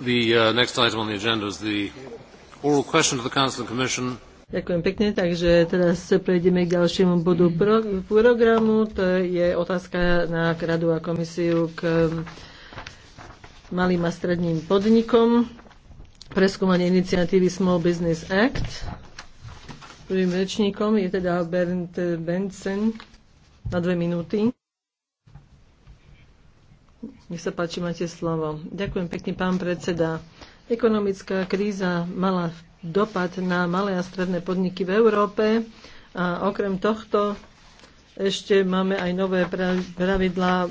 The uh, next item on the agenda is the oral question to the Council and Commission. Ďakujem pekne, takže teraz prejdeme k ďalšiemu bodu pro, programu. To je otázka na Radu a komisiu k um, malým a stredným podnikom. Preskúmanie iniciatívy Small Business Act. Prvým rečníkom je teda Bernd Benson na dve minúty. Nech sa páči, máte slovo. Ďakujem pekne, pán predseda. Ekonomická kríza mala dopad na malé a stredné podniky v Európe a okrem tohto ešte máme aj nové pravidlá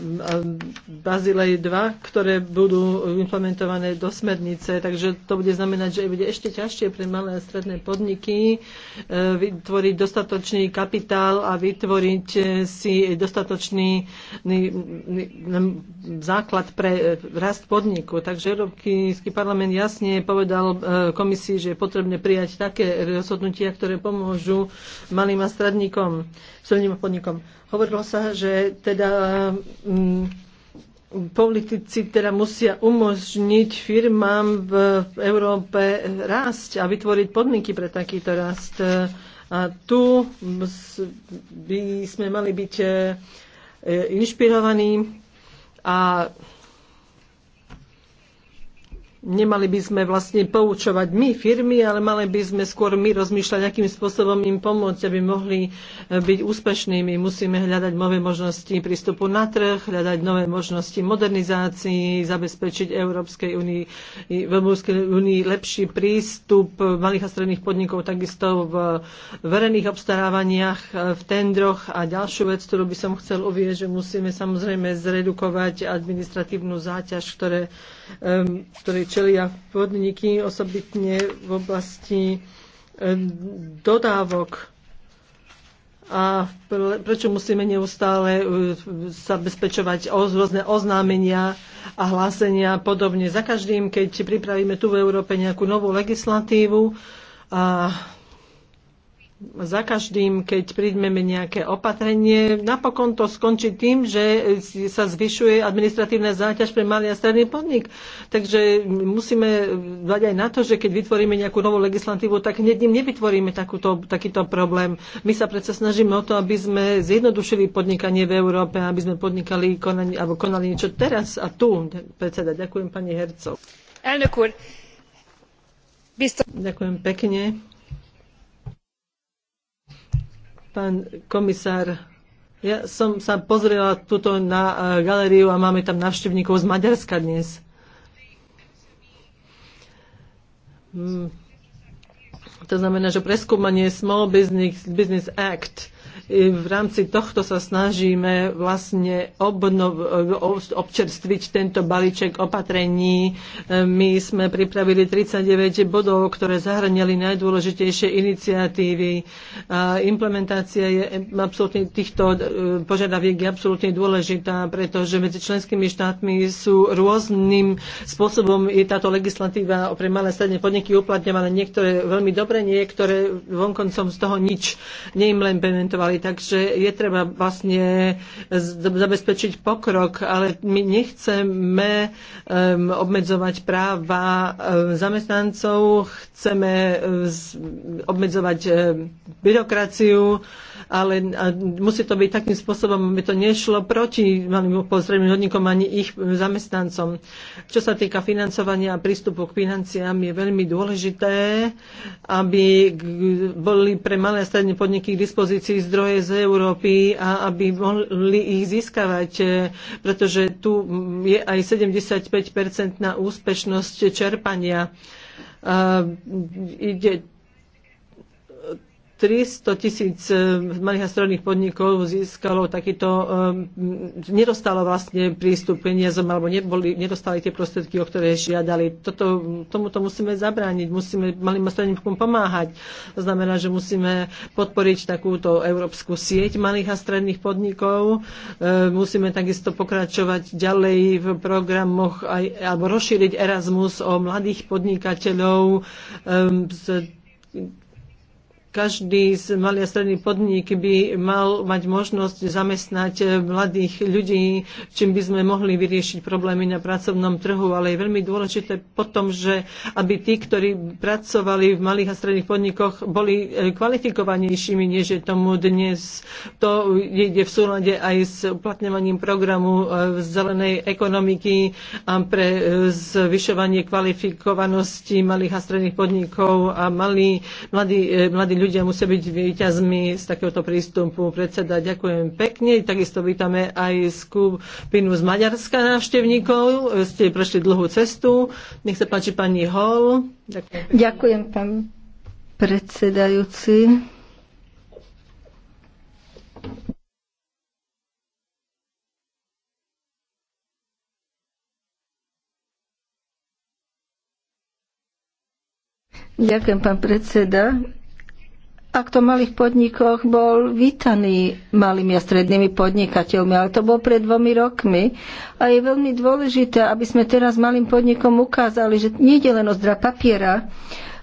Bazilej 2, ktoré budú implementované do smernice, takže to bude znamenať, že bude ešte ťažšie pre malé a stredné podniky e, vytvoriť dostatočný kapitál a vytvoriť e, si dostatočný základ pre e, rast podniku. Takže Európsky parlament jasne povedal komisii, že je potrebné prijať také rozhodnutia, ktoré pomôžu malým a stredníkom, stredným podnikom. Hovorilo sa, že teda mm, politici teda musia umožniť firmám v Európe rásť a vytvoriť podmienky pre takýto rast. A tu by sme mali byť e, inšpirovaní a nemali by sme vlastne poučovať my firmy, ale mali by sme skôr my rozmýšľať, akým spôsobom im pomôcť, aby mohli e, byť úspešnými. Musíme hľadať nové možnosti prístupu na trh, hľadať nové možnosti modernizácií, zabezpečiť Európskej únii, v Európskej únii lepší prístup malých a stredných podnikov, takisto v verejných obstarávaniach, e, v tendroch. A ďalšiu vec, ktorú by som chcel uvieť, že musíme samozrejme zredukovať administratívnu záťaž, ktoré, e, ktoré čelia podniky, osobitne v oblasti e, dodávok a prečo musíme neustále e, zabezpečovať rôzne oznámenia a hlásenia a podobne. Za každým, keď pripravíme tu v Európe nejakú novú legislatívu a za každým, keď príjmeme nejaké opatrenie, napokon to skončí tým, že sa zvyšuje administratívna záťaž pre malý a stredný podnik. Takže musíme dať aj na to, že keď vytvoríme nejakú novú legislatívu, tak hneď ním nevytvoríme takúto, takýto problém. My sa predsa snažíme o to, aby sme zjednodušili podnikanie v Európe, aby sme podnikali konali, alebo konali niečo teraz a tu. Predseda, ďakujem pani Hercov. Ďakujem pekne Pán komisár, ja som sa pozrela tuto na e, galériu a máme tam návštevníkov z Maďarska dnes. Mm. To znamená, že preskúmanie Small Business, Business Act v rámci tohto sa snažíme vlastne obnov, občerstviť tento balíček opatrení. My sme pripravili 39 bodov, ktoré zahrňali najdôležitejšie iniciatívy. Implementácia je absolútne týchto e, požiadaviek je absolútne dôležitá, pretože medzi členskými štátmi sú rôznym spôsobom je táto legislatíva pre malé stredné podniky uplatňovaná. Niektoré veľmi dobre, niektoré vonkoncom z toho nič neimplementovali ďalej. Takže je treba vlastne zabezpečiť pokrok, ale my nechceme um, obmedzovať práva zamestnancov, chceme um, obmedzovať um, byrokraciu, ale musí to byť takým spôsobom, aby to nešlo proti malým pozrejmým hodníkom ani ich zamestnancom. Čo sa týka financovania a prístupu k financiám, je veľmi dôležité, aby boli pre malé a stredné podniky k dispozícii zdroje z Európy a aby mohli ich získavať, pretože tu je aj 75% na úspešnosť čerpania. Uh, ide 300 tisíc eh, malých a stredných podnikov získalo takýto, eh, nedostalo vlastne prístup peniazom alebo neboli, nedostali tie prostriedky, o ktoré žiadali. Toto, tomuto musíme zabrániť, musíme malým a stredným pomáhať. To znamená, že musíme podporiť takúto európsku sieť malých a stredných podnikov. Eh, musíme takisto pokračovať ďalej v programoch aj, alebo rozšíriť Erasmus o mladých podnikateľov každý z malý a stredný podnik by mal mať možnosť zamestnať eh, mladých ľudí, čím by sme mohli vyriešiť problémy na pracovnom trhu, ale je veľmi dôležité potom, že aby tí, ktorí pracovali v malých a stredných podnikoch, boli eh, kvalifikovanejšími, než je tomu dnes. To ide v súlade aj s uplatňovaním programu eh, zelenej ekonomiky a pre zvyšovanie kvalifikovanosti malých a stredných podnikov a malí, mladí, mladí ľudia musia byť výťazmi z takéhoto prístupu. Predseda, ďakujem pekne. Takisto vítame aj skupinu z Maďarska návštevníkov. Ste prešli dlhú cestu. Nech sa páči pani Hol. Ďakujem, ďakujem pán predsedajúci. Ďakujem, pán predseda a v malých podnikoch bol vítaný malými a strednými podnikateľmi, ale to bol pred dvomi rokmi. A je veľmi dôležité, aby sme teraz malým podnikom ukázali, že nie je len o zdra papiera,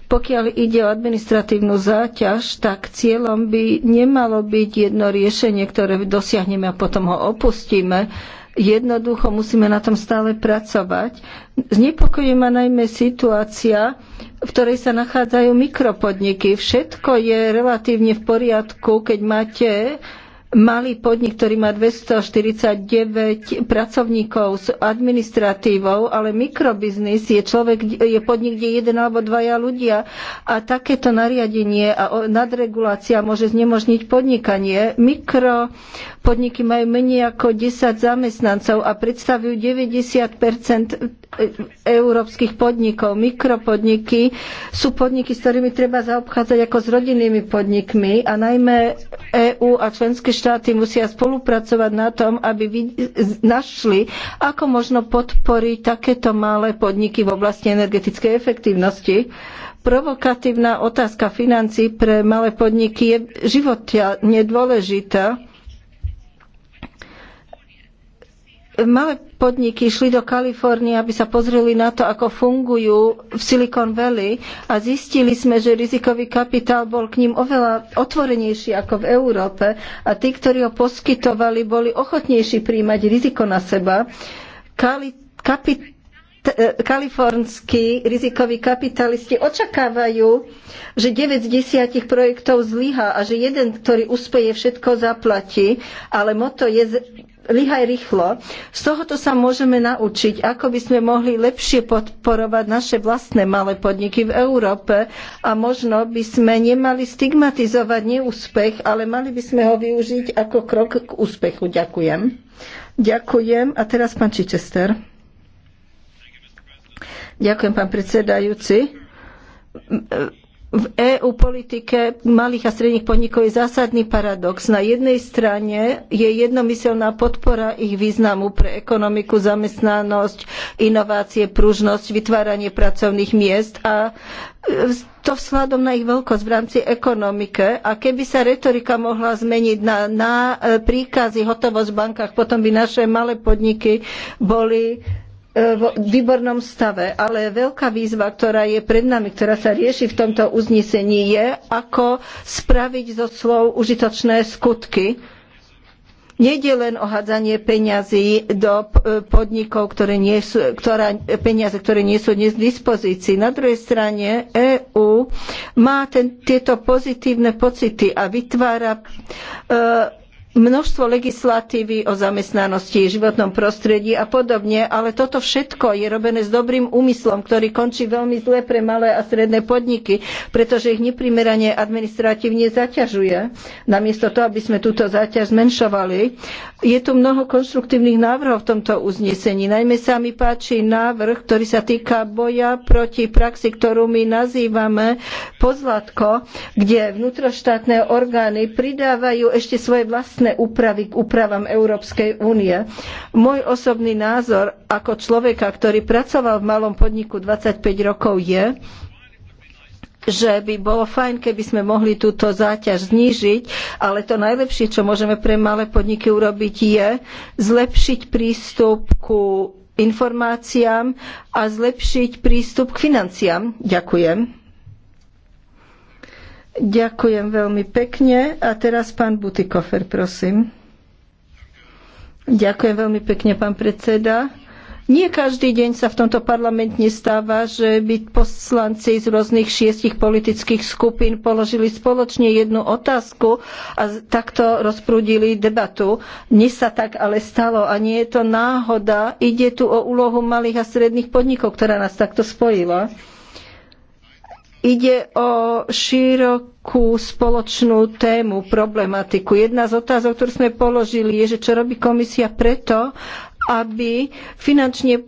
pokiaľ ide o administratívnu záťaž, tak cieľom by nemalo byť jedno riešenie, ktoré dosiahneme a potom ho opustíme. Jednoducho musíme na tom stále pracovať. Znepokojuje ma najmä situácia, v ktorej sa nachádzajú mikropodniky. Všetko je relatívne v poriadku, keď máte malý podnik, ktorý má 249 pracovníkov s administratívou, ale mikrobiznis je, človek, je podnik, kde jeden alebo dvaja ľudia a takéto nariadenie a nadregulácia môže znemožniť podnikanie. Mikropodniky majú menej ako 10 zamestnancov a predstavujú 90 e, európskych podnikov. Mikropodniky sú podniky, s ktorými treba zaobchádzať ako s rodinnými podnikmi a najmä EÚ a členské štáty štáty musia spolupracovať na tom, aby našli, ako možno podporiť takéto malé podniky v oblasti energetickej efektívnosti. Provokatívna otázka financí pre malé podniky je životne dôležitá malé podniky šli do Kalifornie, aby sa pozreli na to, ako fungujú v Silicon Valley a zistili sme, že rizikový kapitál bol k ním oveľa otvorenejší ako v Európe a tí, ktorí ho poskytovali, boli ochotnejší príjmať riziko na seba. Kali, kapit, e, kalifornskí rizikoví kapitalisti očakávajú, že 9 z 10 projektov zlyhá a že jeden, ktorý úspeje, všetko zaplatí, ale moto je lihaj rýchlo. Z tohoto sa môžeme naučiť, ako by sme mohli lepšie podporovať naše vlastné malé podniky v Európe a možno by sme nemali stigmatizovať neúspech, ale mali by sme ho využiť ako krok k úspechu. Ďakujem. Ďakujem. A teraz pán Čičester. Ďakujem, pán predsedajúci v EU politike malých a stredných podnikov je zásadný paradox. Na jednej strane je jednomyseľná podpora ich významu pre ekonomiku, zamestnanosť, inovácie, pružnosť, vytváranie pracovných miest a e, to vzhľadom na ich veľkosť v rámci ekonomike. A keby sa retorika mohla zmeniť na, na e, príkazy hotovosť v bankách, potom by naše malé podniky boli E, v výbornom stave, ale veľká výzva, ktorá je pred nami, ktorá sa rieši v tomto uznesení, je, ako spraviť zo slov užitočné skutky. Nejde len o hádzanie peňazí do e, podnikov, ktoré nie sú, ktorá, peniaze, ktoré nie sú dnes v dispozícii. Na druhej strane EÚ má ten, tieto pozitívne pocity a vytvára e, množstvo legislatívy o zamestnanosti, životnom prostredí a podobne, ale toto všetko je robené s dobrým úmyslom, ktorý končí veľmi zle pre malé a stredné podniky, pretože ich neprimerane administratívne zaťažuje, namiesto toho, aby sme túto záťaž zmenšovali. Je tu mnoho konštruktívnych návrhov v tomto uznesení. Najmä sa mi páči návrh, ktorý sa týka boja proti praxi, ktorú my nazývame pozlatko, kde vnútroštátne orgány pridávajú ešte svoje vlastné rôzne úpravy k úpravám Európskej únie. Môj osobný názor ako človeka, ktorý pracoval v malom podniku 25 rokov je, že by bolo fajn, keby sme mohli túto záťaž znížiť, ale to najlepšie, čo môžeme pre malé podniky urobiť, je zlepšiť prístup ku informáciám a zlepšiť prístup k financiám. Ďakujem. Ďakujem veľmi pekne. A teraz pán Butikofer, prosím. Ďakujem veľmi pekne, pán predseda. Nie každý deň sa v tomto parlamente stáva, že by poslanci z rôznych šiestich politických skupín položili spoločne jednu otázku a takto rozprúdili debatu. Dnes sa tak ale stalo a nie je to náhoda. Ide tu o úlohu malých a stredných podnikov, ktorá nás takto spojila. Ide o širokú spoločnú tému, problematiku. Jedna z otázok, ktorú sme položili, je, že čo robí komisia preto, aby finančne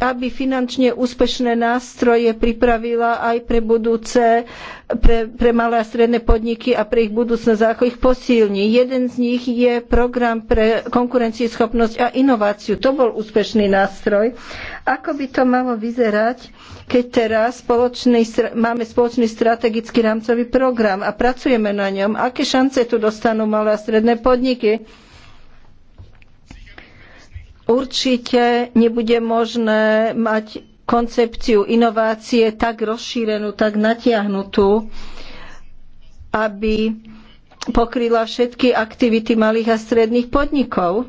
aby finančne úspešné nástroje pripravila aj pre budúce, pre, pre malé a stredné podniky a pre ich budúcnosť, ako ich posilní. Jeden z nich je program pre konkurencieschopnosť a inováciu. To bol úspešný nástroj. Ako by to malo vyzerať, keď teraz spoločný, máme spoločný strategický rámcový program a pracujeme na ňom? Aké šance tu dostanú malé a stredné podniky? Určite nebude možné mať koncepciu inovácie tak rozšírenú, tak natiahnutú, aby pokryla všetky aktivity malých a stredných podnikov.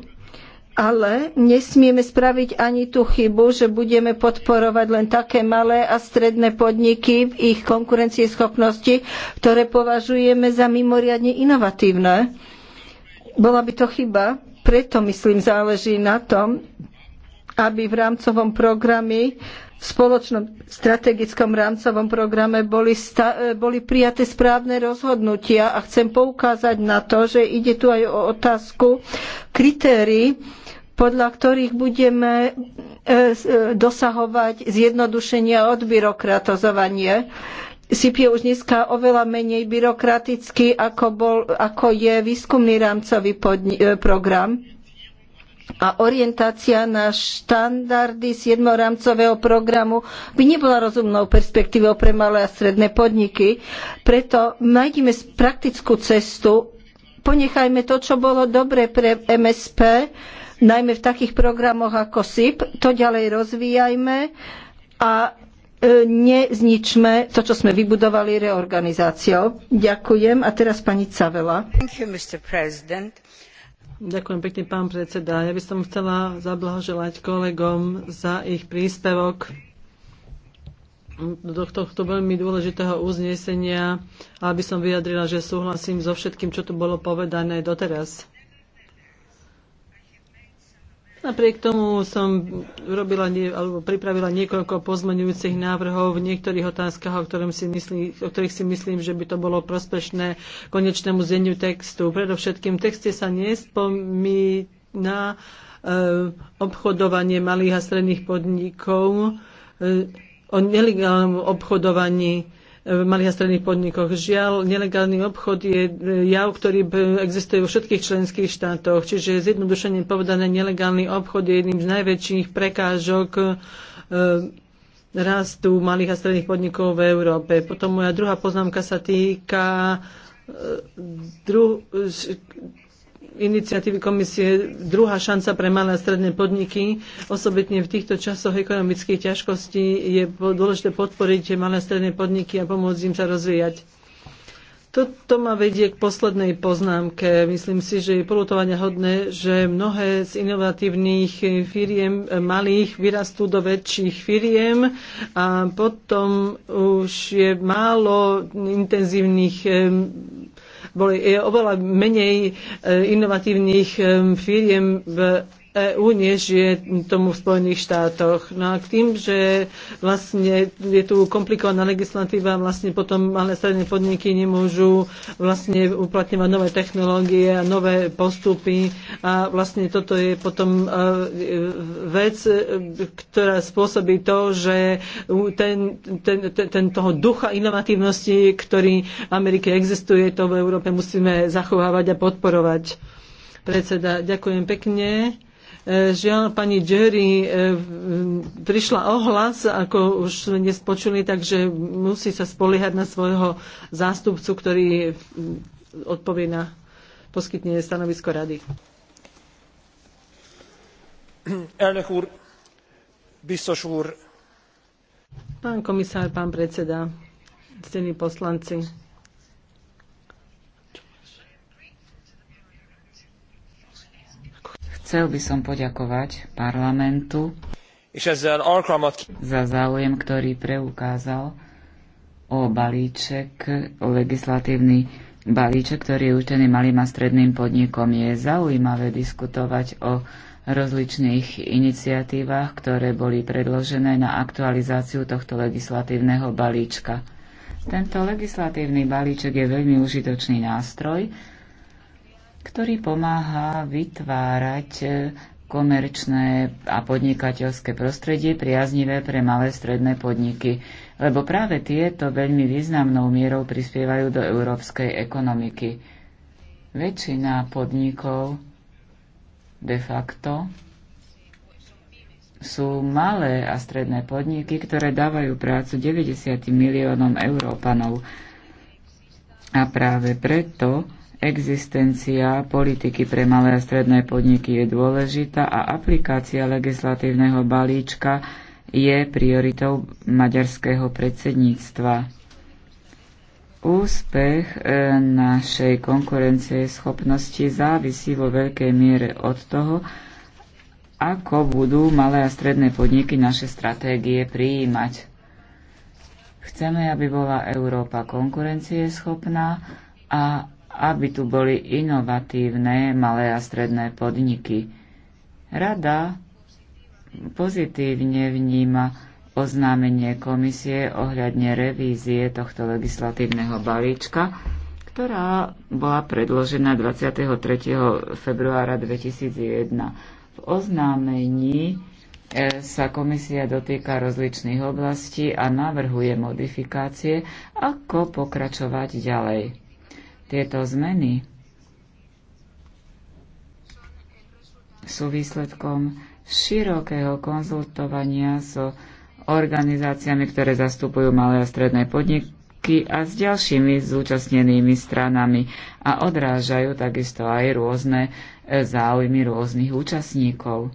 Ale nesmieme spraviť ani tú chybu, že budeme podporovať len také malé a stredné podniky v ich konkurencieschopnosti, ktoré považujeme za mimoriadne inovatívne. Bola by to chyba, preto, myslím, záleží na tom, aby v rámcovom programe, v spoločnom strategickom rámcovom programe boli, e, boli prijaté správne rozhodnutia a chcem poukázať na to, že ide tu aj o otázku kritérií, podľa ktorých budeme e, e, dosahovať zjednodušenie a odbyrokratizovanie je už dneska oveľa menej byrokratický, ako, bol, ako je výskumný rámcový e, program. A orientácia na štandardy z rámcového programu by nebola rozumnou perspektívou pre malé a stredné podniky. Preto nájdime praktickú cestu, ponechajme to, čo bolo dobre pre MSP, najmä v takých programoch ako SIP, to ďalej rozvíjajme a E, nezničme to, čo sme vybudovali reorganizáciou. Ďakujem. A teraz pani Cavela. Ďakujem pekne, pán predseda. Ja by som chcela zablahoželať kolegom za ich príspevok do tohto veľmi dôležitého uznesenia, aby som vyjadrila, že súhlasím so všetkým, čo tu bolo povedané doteraz. Napriek tomu som robila, alebo pripravila niekoľko pozmeňujúcich návrhov v niektorých otázkach, o, si myslí, o ktorých si myslím, že by to bolo prospešné konečnému zdeniu textu. Predovšetkým v texte sa nespomína e, obchodovanie malých a stredných podnikov, e, o nelegálnom obchodovaní v malých a stredných podnikoch. Žiaľ, nelegálny obchod je eh, jav, ktorý existuje vo všetkých členských štátoch. Čiže zjednodušene povedané, nelegálny obchod je jedným z najväčších prekážok eh, rastu malých a stredných podnikov v Európe. Potom moja druhá poznámka sa týka eh, dru, iniciatívy komisie Druhá šanca pre malé a stredné podniky. Osobitne v týchto časoch ekonomických ťažkostí je dôležité podporiť malé a stredné podniky a pomôcť im sa rozvíjať. Toto ma vedie k poslednej poznámke. Myslím si, že je polutovania hodné, že mnohé z inovatívnych firiem e, malých vyrastú do väčších firiem a potom už je málo intenzívnych boli oveľa menej e, inovatívnych e, firiem v EÚ, než je tomu v Spojených štátoch. No a k tým, že vlastne je tu komplikovaná legislatíva, vlastne potom malé stredné podniky nemôžu vlastne uplatňovať nové technológie a nové postupy a vlastne toto je potom e, vec, e, ktorá spôsobí to, že ten, ten, ten, ten toho ducha inovatívnosti, ktorý v Amerike existuje, to v Európe musíme zachovávať a podporovať. Predseda, ďakujem pekne. Žiaľ, pani Jerry e, prišla o hlas, ako už dnes počuli, takže musí sa spoliehať na svojho zástupcu, ktorý mm, odpovie na poskytne stanovisko rady. Elnök úr, biztos úr. Pán komisár, pán predseda, cení poslanci. Chcel by som poďakovať parlamentu za záujem, ktorý preukázal o balíček, o legislatívny balíček, ktorý je určený malým a stredným podnikom. Je zaujímavé diskutovať o rozličných iniciatívach, ktoré boli predložené na aktualizáciu tohto legislatívneho balíčka. Tento legislatívny balíček je veľmi užitočný nástroj, ktorý pomáha vytvárať e, komerčné a podnikateľské prostredie priaznivé pre malé stredné podniky, lebo práve tieto veľmi významnou mierou prispievajú do európskej ekonomiky. Väčšina podnikov de facto sú malé a stredné podniky, ktoré dávajú prácu 90 miliónom Európanov. A práve preto Existencia politiky pre malé a stredné podniky je dôležitá a aplikácia legislatívneho balíčka je prioritou maďarského predsedníctva. Úspech e, našej konkurencie schopnosti závisí vo veľkej miere od toho, ako budú malé a stredné podniky naše stratégie prijímať. Chceme, aby bola Európa konkurencieschopná a aby tu boli inovatívne malé a stredné podniky. Rada pozitívne vníma oznámenie komisie ohľadne revízie tohto legislatívneho balíčka, ktorá bola predložená 23. februára 2001. V oznámení e, sa komisia dotýka rozličných oblastí a navrhuje modifikácie, ako pokračovať ďalej. Tieto zmeny sú výsledkom širokého konzultovania so organizáciami, ktoré zastupujú malé a stredné podniky a s ďalšími zúčastnenými stranami a odrážajú takisto aj rôzne e, záujmy rôznych účastníkov.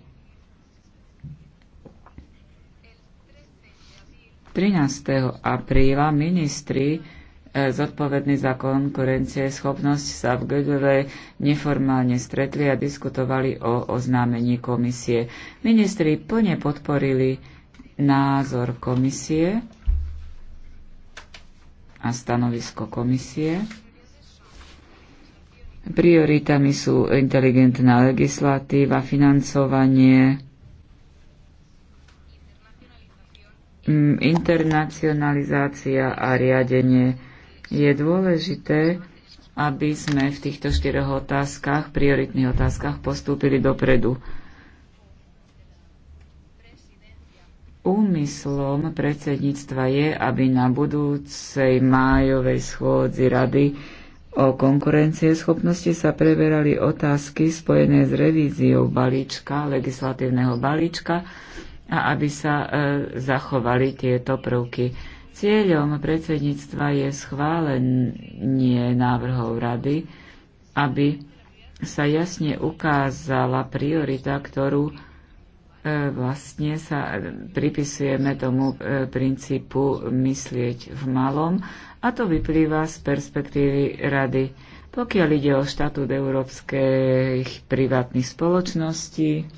13. apríla ministri zodpovedný za konkurencie schopnosť sa v Gödele neformálne stretli a diskutovali o oznámení komisie. Ministri plne podporili názor komisie a stanovisko komisie. Prioritami sú inteligentná legislatíva, financovanie, internacionalizácia a riadenie je dôležité, aby sme v týchto štyroch otázkach, prioritných otázkach, postúpili dopredu. Úmyslom predsedníctva je, aby na budúcej májovej schôdzi rady o konkurencieschopnosti sa preberali otázky spojené s revíziou balíčka, legislatívneho balíčka a aby sa e, zachovali tieto prvky. Cieľom predsedníctva je schválenie návrhov rady, aby sa jasne ukázala priorita, ktorú e, vlastne sa pripisujeme tomu e, princípu myslieť v malom a to vyplýva z perspektívy rady. Pokiaľ ide o štatút európskej privátnych spoločností,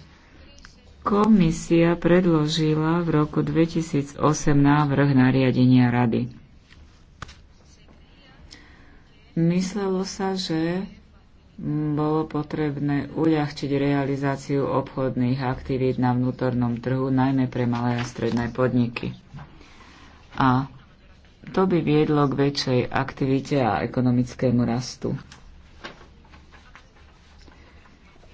Komisia predložila v roku 2008 návrh nariadenia rady. Myslelo sa, že bolo potrebné uľahčiť realizáciu obchodných aktivít na vnútornom trhu, najmä pre malé a stredné podniky. A to by viedlo k väčšej aktivite a ekonomickému rastu.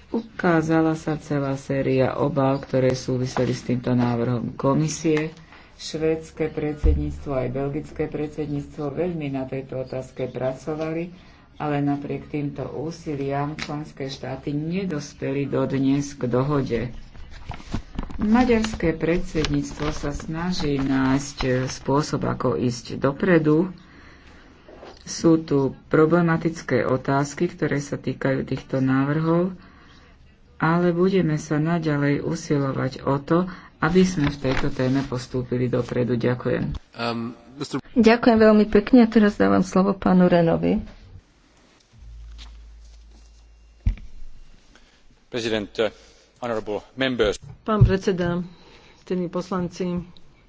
Ukázala sa celá séria obáv, ktoré súviseli s týmto návrhom komisie. Švédske predsedníctvo aj belgické predsedníctvo veľmi na tejto otázke pracovali, ale napriek týmto úsiliam členské štáty nedospeli dodnes k dohode. Maďarské predsedníctvo sa snaží nájsť spôsob, ako ísť dopredu. Sú tu problematické otázky, ktoré sa týkajú týchto návrhov ale budeme sa naďalej usilovať o to, aby sme v tejto téme postúpili dopredu. Ďakujem. Um, Mr. Ďakujem veľmi pekne a teraz dávam slovo pánu Renovi. President, uh, members. Pán predseda, tými poslanci,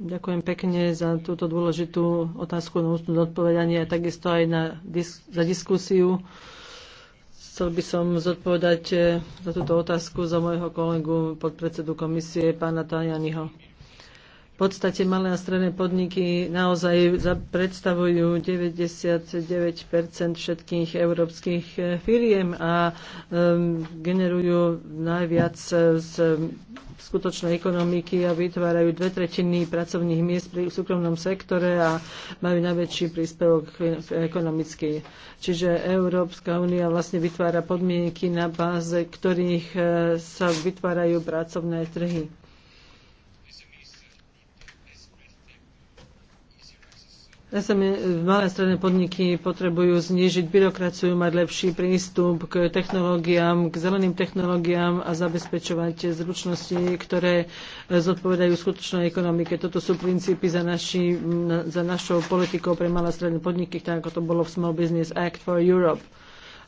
ďakujem pekne za túto dôležitú otázku na ústnu odpovedanie a takisto aj na, za diskusiu. Chcel by som zodpovedať eh, za túto otázku za môjho kolegu podpredsedu komisie, pána Tajaniho. V podstate malé a stredné podniky naozaj predstavujú 99 všetkých európskych eh, firiem a um, generujú najviac eh, z eh, skutočnej ekonomiky a vytvárajú dve tretiny pracovných miest pri súkromnom sektore a majú najväčší príspevok e, ekonomický. Čiže Európska únia vlastne vytvára podmienky, na báze ktorých sa vytvárajú pracovné trhy. SME, malé stredné podniky potrebujú znižiť byrokraciu, mať lepší prístup k technológiám, k zeleným technológiám a zabezpečovať zručnosti, ktoré zodpovedajú skutočnej ekonomike. Toto sú princípy za, naši, za našou politikou pre malé stredné podniky, tak ako to bolo v Small Business Act for Europe.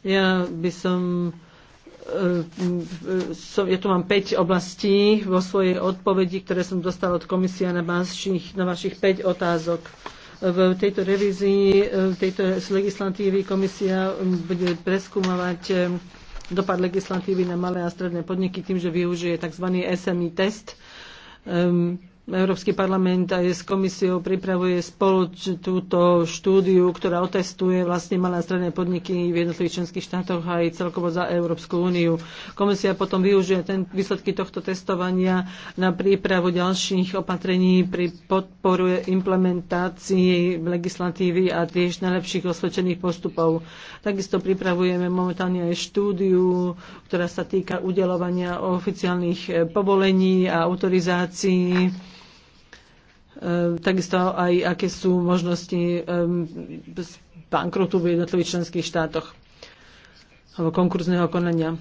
Ja by som e, e, som, ja tu mám 5 oblastí vo svojej odpovedi, ktoré som dostal od komisia na vašich, na vašich 5 otázok. V tejto revízii, tejto legislatívy komisia bude preskúmovať eh, dopad legislatívy na malé a stredné podniky tým, že využije tzv. SMI test. Um, Európsky parlament aj s komisiou pripravuje spolu túto štúdiu, ktorá otestuje vlastne malé a stredné podniky v jednotlivých členských štátoch aj celkovo za Európsku úniu. Komisia potom využije ten, výsledky tohto testovania na prípravu ďalších opatrení pri podporuje implementácii legislatívy a tiež najlepších osvedčených postupov. Takisto pripravujeme momentálne aj štúdiu, ktorá sa týka udelovania oficiálnych povolení a autorizácií Ehm, takisto aj aké sú možnosti ehm, bankrotu v jednotlivých členských štátoch alebo konkurzného konania.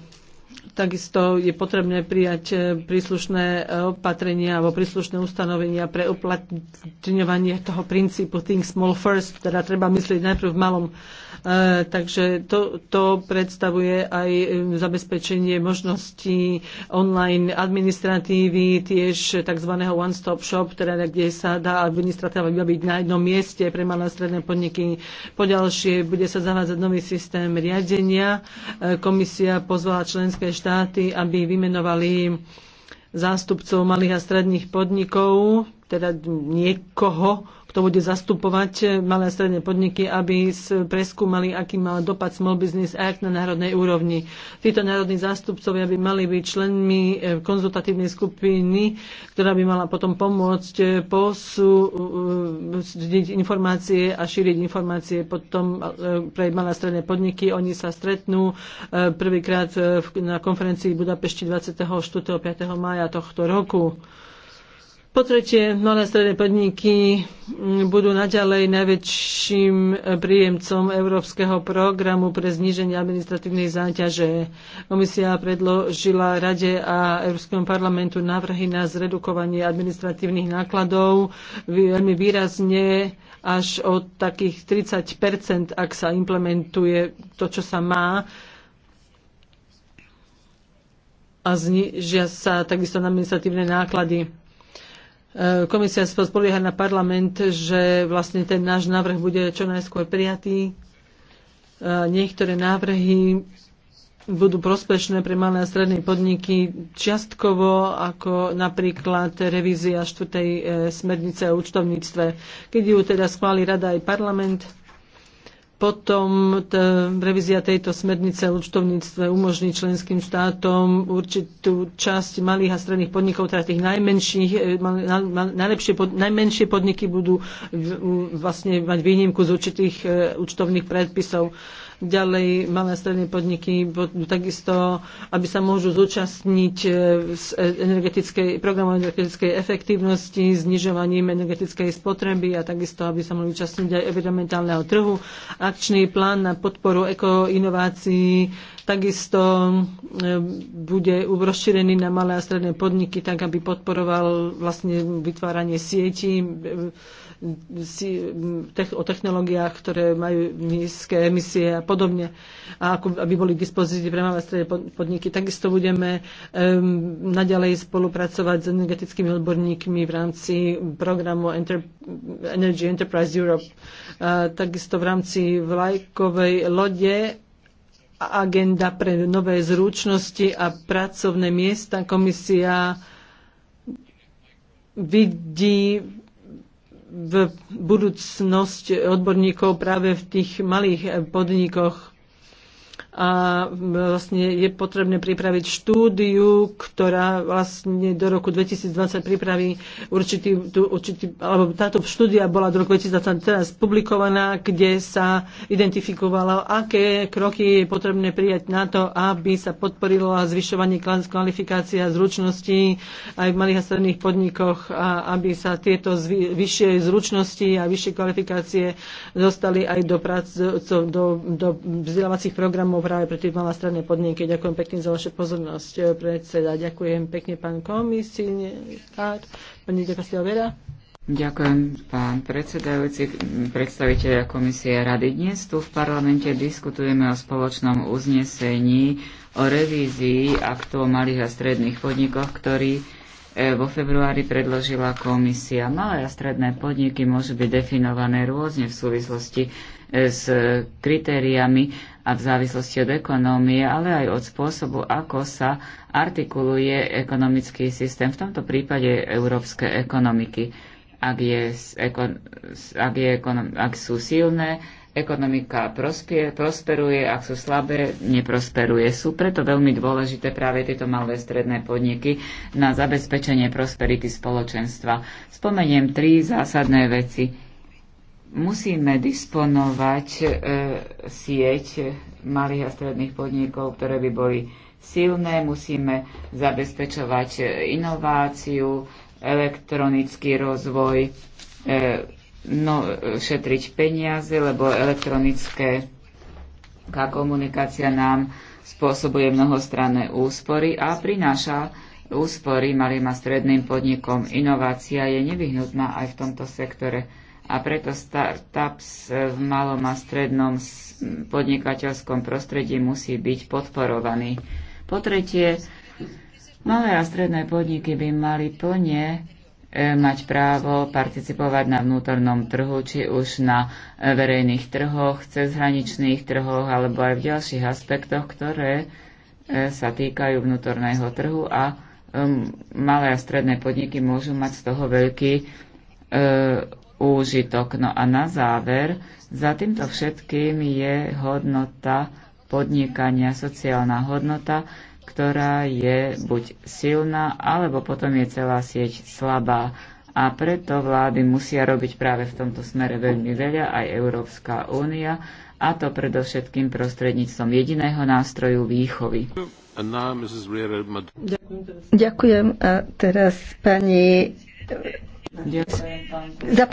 Takisto je potrebné prijať e, príslušné e, opatrenia alebo príslušné ustanovenia pre uplatňovanie toho princípu Think Small First, teda treba myslieť najprv v malom E, takže to, to predstavuje aj zabezpečenie možností online administratívy, tiež tzv. one-stop shop, teda kde sa dá administratíva vybaviť na jednom mieste pre malé a stredné podniky. Poďalšie bude sa zavádzať nový systém riadenia. E, komisia pozvala členské štáty, aby vymenovali zástupcov malých a stredných podnikov, teda niekoho, kto bude zastupovať eh, malé a stredné podniky, aby preskúmali, aký má dopad Small Business Act na národnej úrovni. Títo národní zástupcovia by mali byť členmi eh, konzultatívnej skupiny, ktorá by mala potom pomôcť eh, posúdiť informácie a šíriť informácie potom pre malé a stredné podniky. Oni sa stretnú prvýkrát na konferencii v Budapešti 24. 5. mája tohto roku. Po tretie, malé stredné podniky budú naďalej najväčším príjemcom Európskeho programu pre zníženie administratívnej záťaže. Komisia predložila Rade a Európskemu parlamentu návrhy na zredukovanie administratívnych nákladov veľmi výrazne až od takých 30 ak sa implementuje to, čo sa má a znižia sa takisto administratívne náklady E, komisia spolieha na parlament, že vlastne ten náš návrh bude čo najskôr prijatý. E, niektoré návrhy budú prospešné pre malé a stredné podniky čiastkovo, ako napríklad revízia štvrtej e, smernice o účtovníctve. Keď ju teda schváli rada aj parlament, potom tá revízia tejto smernice o účtovníctve umožní členským štátom určitú časť malých a stredných podnikov, teda tých najmenších, eh, najlepšie, najmenšie podniky budú vlastne mať výnimku z určitých eh, účtovných predpisov ďalej malé a stredné podniky takisto, aby sa môžu zúčastniť z e, e, energetickej, programu energetickej efektívnosti, znižovaním energetickej spotreby a takisto, aby sa mohli zúčastniť aj environmentálneho trhu. Akčný plán na podporu ekoinovácií Takisto e, bude rozšírený na malé a stredné podniky, tak aby podporoval vlastne vytváranie sietí e, o technológiách, ktoré majú nízke emisie a podobne, a ako, aby boli k dispozícii pre malé stredné podniky. Takisto budeme e, naďalej spolupracovať s energetickými odborníkmi v rámci programu Enter, Energy Enterprise Europe. takisto v rámci vlajkovej lode agenda pre nové zručnosti a pracovné miesta. Komisia vidí v budúcnosť odborníkov práve v tých malých podnikoch a vlastne je potrebné pripraviť štúdiu, ktorá vlastne do roku 2020 pripraví určitý, tú, určitý alebo táto štúdia bola do roku 2020 teraz publikovaná, kde sa identifikovalo, aké kroky je potrebné prijať na to, aby sa podporilo zvyšovanie a zručností aj v malých a stredných podnikoch a aby sa tieto zvy, vyššie zručnosti a vyššie kvalifikácie dostali aj do, prac, do, do, do vzdelávacích programov práve pre tie malé stredné podniky. Ďakujem pekne za vašu pozornosť, eh, predseda. Ďakujem pekne, pán komisár, pani Dekastia Vera. Ďakujem, pán predsedajúci, predstaviteľa komisie rady. Dnes tu v parlamente diskutujeme o spoločnom uznesení o revízii aktu o malých a stredných podnikoch, ktorý eh, vo februári predložila komisia. Malé a stredné podniky môžu byť definované rôzne v súvislosti eh, s kritériami a v závislosti od ekonómie, ale aj od spôsobu, ako sa artikuluje ekonomický systém, v tomto prípade európske ekonomiky. Ak, je, ak, je, ak sú silné, ekonomika prospie, prosperuje, ak sú slabé, neprosperuje. Sú preto veľmi dôležité práve tieto malé stredné podniky na zabezpečenie prosperity spoločenstva. Spomeniem tri zásadné veci musíme disponovať e, sieť malých a stredných podnikov, ktoré by boli silné, musíme zabezpečovať e, inováciu, elektronický rozvoj, e, no, e, šetriť peniaze, lebo elektronické komunikácia nám spôsobuje mnohostranné úspory a prináša úspory malým a stredným podnikom. Inovácia je nevyhnutná aj v tomto sektore a preto startups v malom a strednom podnikateľskom prostredí musí byť podporovaný. Po tretie, malé a stredné podniky by mali plne e, mať právo participovať na vnútornom trhu, či už na e, verejných trhoch, cezhraničných trhoch alebo aj v ďalších aspektoch, ktoré e, sa týkajú vnútorného trhu a malé a stredné podniky môžu mať z toho veľký úžitok. No a na záver, za týmto všetkým je hodnota podnikania, sociálna hodnota, ktorá je buď silná, alebo potom je celá sieť slabá. A preto vlády musia robiť práve v tomto smere veľmi veľa, aj Európska únia, a to predovšetkým prostredníctvom jediného nástroju výchovy. Ďakujem. A teraz pani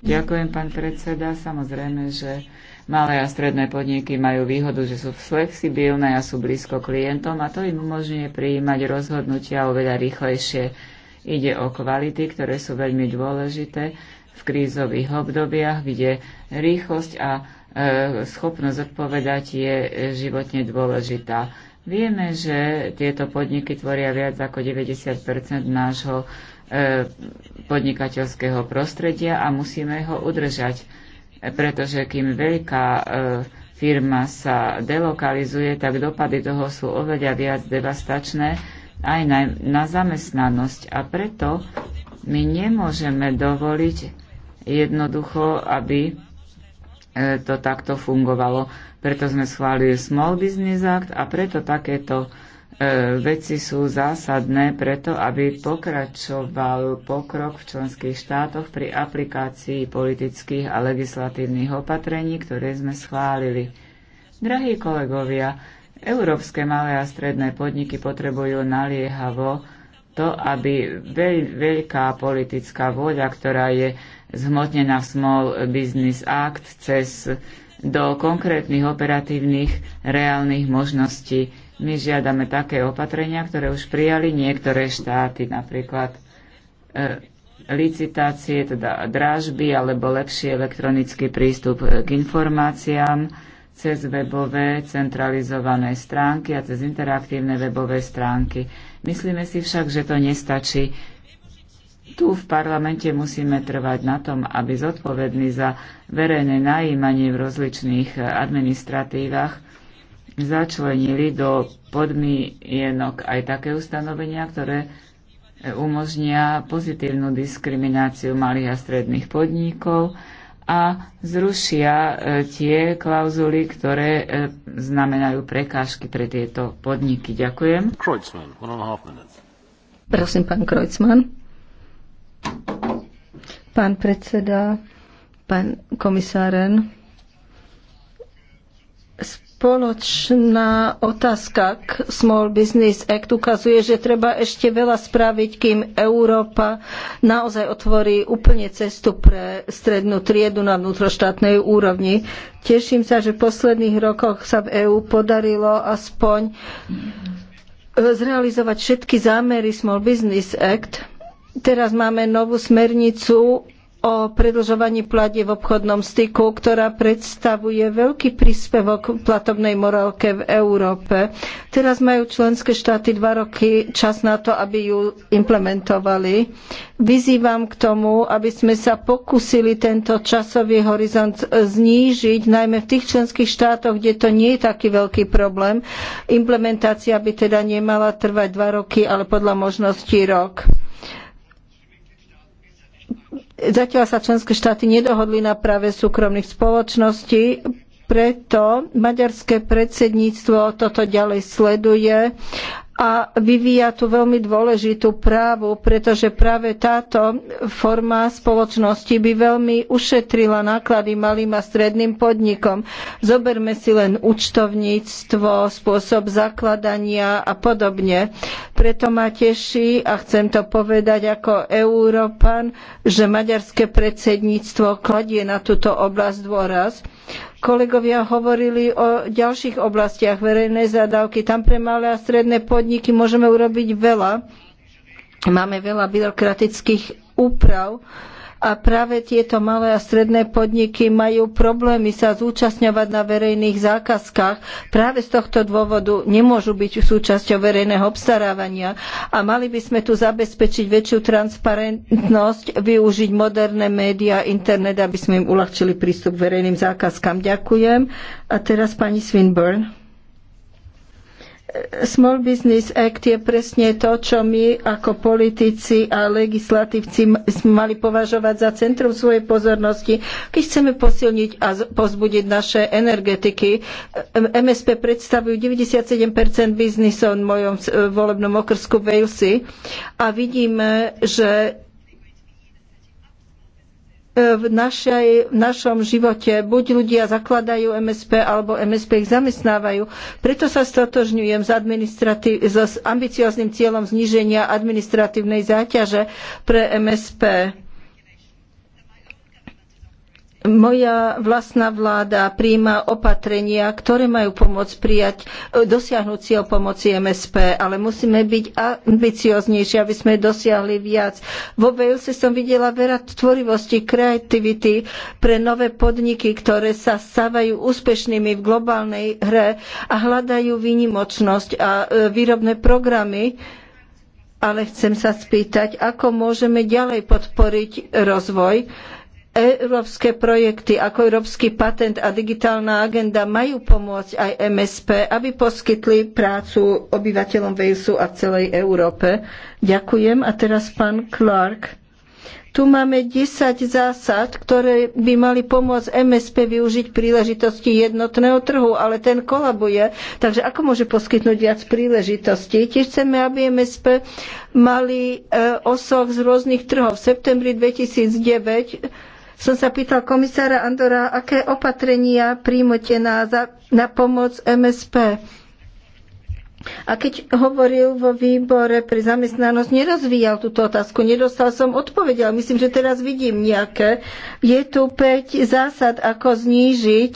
Ďakujem pán, predseda. Samozrejme, že malé a stredné podniky majú výhodu, že sú flexibilné a sú blízko klientom a to im umožňuje prijímať rozhodnutia oveľa rýchlejšie. Ide o kvality, ktoré sú veľmi dôležité v krízových obdobiach, kde rýchlosť a e, schopnosť odpovedať je životne dôležitá. Vieme, že tieto podniky tvoria viac ako 90 nášho E, podnikateľského prostredia a musíme ho udržať, pretože kým veľká e, firma sa delokalizuje, tak dopady toho sú oveľa viac devastačné aj na, na zamestnanosť. A preto my nemôžeme dovoliť jednoducho, aby e, to takto fungovalo. Preto sme schválili Small Business Act a preto takéto E, veci sú zásadné preto, aby pokračoval pokrok v členských štátoch pri aplikácii politických a legislatívnych opatrení, ktoré sme schválili. Drahí kolegovia, európske malé a stredné podniky potrebujú naliehavo to, aby veľ, veľká politická vôľa, ktorá je zhmotnená v Small Business Act cez do konkrétnych operatívnych reálnych možností my žiadame také opatrenia, ktoré už prijali niektoré štáty, napríklad e, licitácie, teda drážby alebo lepší elektronický prístup k informáciám cez webové centralizované stránky a cez interaktívne webové stránky. Myslíme si však, že to nestačí. Tu v parlamente musíme trvať na tom, aby zodpovední za verejné najímanie v rozličných administratívach začlenili do podmienok aj také ustanovenia, ktoré umožnia pozitívnu diskrimináciu malých a stredných podnikov a zrušia e, tie klauzuly, ktoré e, znamenajú prekážky pre tieto podniky. Ďakujem. Prosím, pán Krojcman. Pán predseda, pán komisáren, spoločná otázka k Small Business Act ukazuje, že treba ešte veľa spraviť, kým Európa naozaj otvorí úplne cestu pre strednú triedu na vnútroštátnej úrovni. Teším sa, že v posledných rokoch sa v EÚ podarilo aspoň e, zrealizovať všetky zámery Small Business Act. Teraz máme novú smernicu o predlžovaní platie v obchodnom styku, ktorá predstavuje veľký príspevok k platobnej morálke v Európe. Teraz majú členské štáty dva roky čas na to, aby ju implementovali. Vyzývam k tomu, aby sme sa pokúsili tento časový horizont znížiť, najmä v tých členských štátoch, kde to nie je taký veľký problém. Implementácia by teda nemala trvať dva roky, ale podľa možností rok Zatiaľ sa členské štáty nedohodli na práve súkromných spoločností, preto maďarské predsedníctvo toto ďalej sleduje a vyvíja tu veľmi dôležitú právu, pretože práve táto forma spoločnosti by veľmi ušetrila náklady malým a stredným podnikom. Zoberme si len účtovníctvo, spôsob zakladania a podobne. Preto ma teší a chcem to povedať ako Európan, že maďarské predsedníctvo kladie na túto oblasť dôraz. Kolegovia hovorili o ďalších oblastiach verejnej zadávky. Tam pre malé a stredné podniky môžeme urobiť veľa. Máme veľa byrokratických úprav, a práve tieto malé a stredné podniky majú problémy sa zúčastňovať na verejných zákazkách. Práve z tohto dôvodu nemôžu byť súčasťou verejného obstarávania a mali by sme tu zabezpečiť väčšiu transparentnosť, využiť moderné médiá, internet, aby sme im uľahčili prístup k verejným zákazkám. Ďakujem. A teraz pani Swinburne. Small Business Act je presne to, čo my ako politici a legislatívci sme mali považovať za centrum svojej pozornosti, keď chceme posilniť a pozbudiť naše energetiky. MSP predstavujú 97% biznisov v mojom volebnom okrsku Walesy a vidíme, že E, v, našej, v našom živote. Buď ľudia zakladajú MSP, alebo MSP ich zamestnávajú. Preto sa stotožňujem s, so s ambiciozným cieľom zníženia administratívnej záťaže pre MSP moja vlastná vláda príjma opatrenia, ktoré majú pomôcť prijať, e, dosiahnuť cieľ pomoci MSP, ale musíme byť ambicioznejší, aby sme dosiahli viac. Vo Walese som videla veľa tvorivosti, kreativity pre nové podniky, ktoré sa stávajú úspešnými v globálnej hre a hľadajú výnimočnosť a e, výrobné programy, ale chcem sa spýtať, ako môžeme ďalej podporiť rozvoj Európske projekty ako Európsky patent a digitálna agenda majú pomôcť aj MSP, aby poskytli prácu obyvateľom Walesu a celej Európe. Ďakujem. A teraz pán Clark. Tu máme 10 zásad, ktoré by mali pomôcť MSP využiť príležitosti jednotného trhu, ale ten kolabuje. Takže ako môže poskytnúť viac príležitostí? Tiež chceme, aby MSP mali e, osoch z rôznych trhov. V septembri 2009 som sa pýtal komisára Andora, aké opatrenia príjmete na, na pomoc MSP. A keď hovoril vo výbore pre zamestnanosť, nerozvíjal túto otázku, nedostal som odpoveď, ale myslím, že teraz vidím nejaké. Je tu 5 zásad, ako znížiť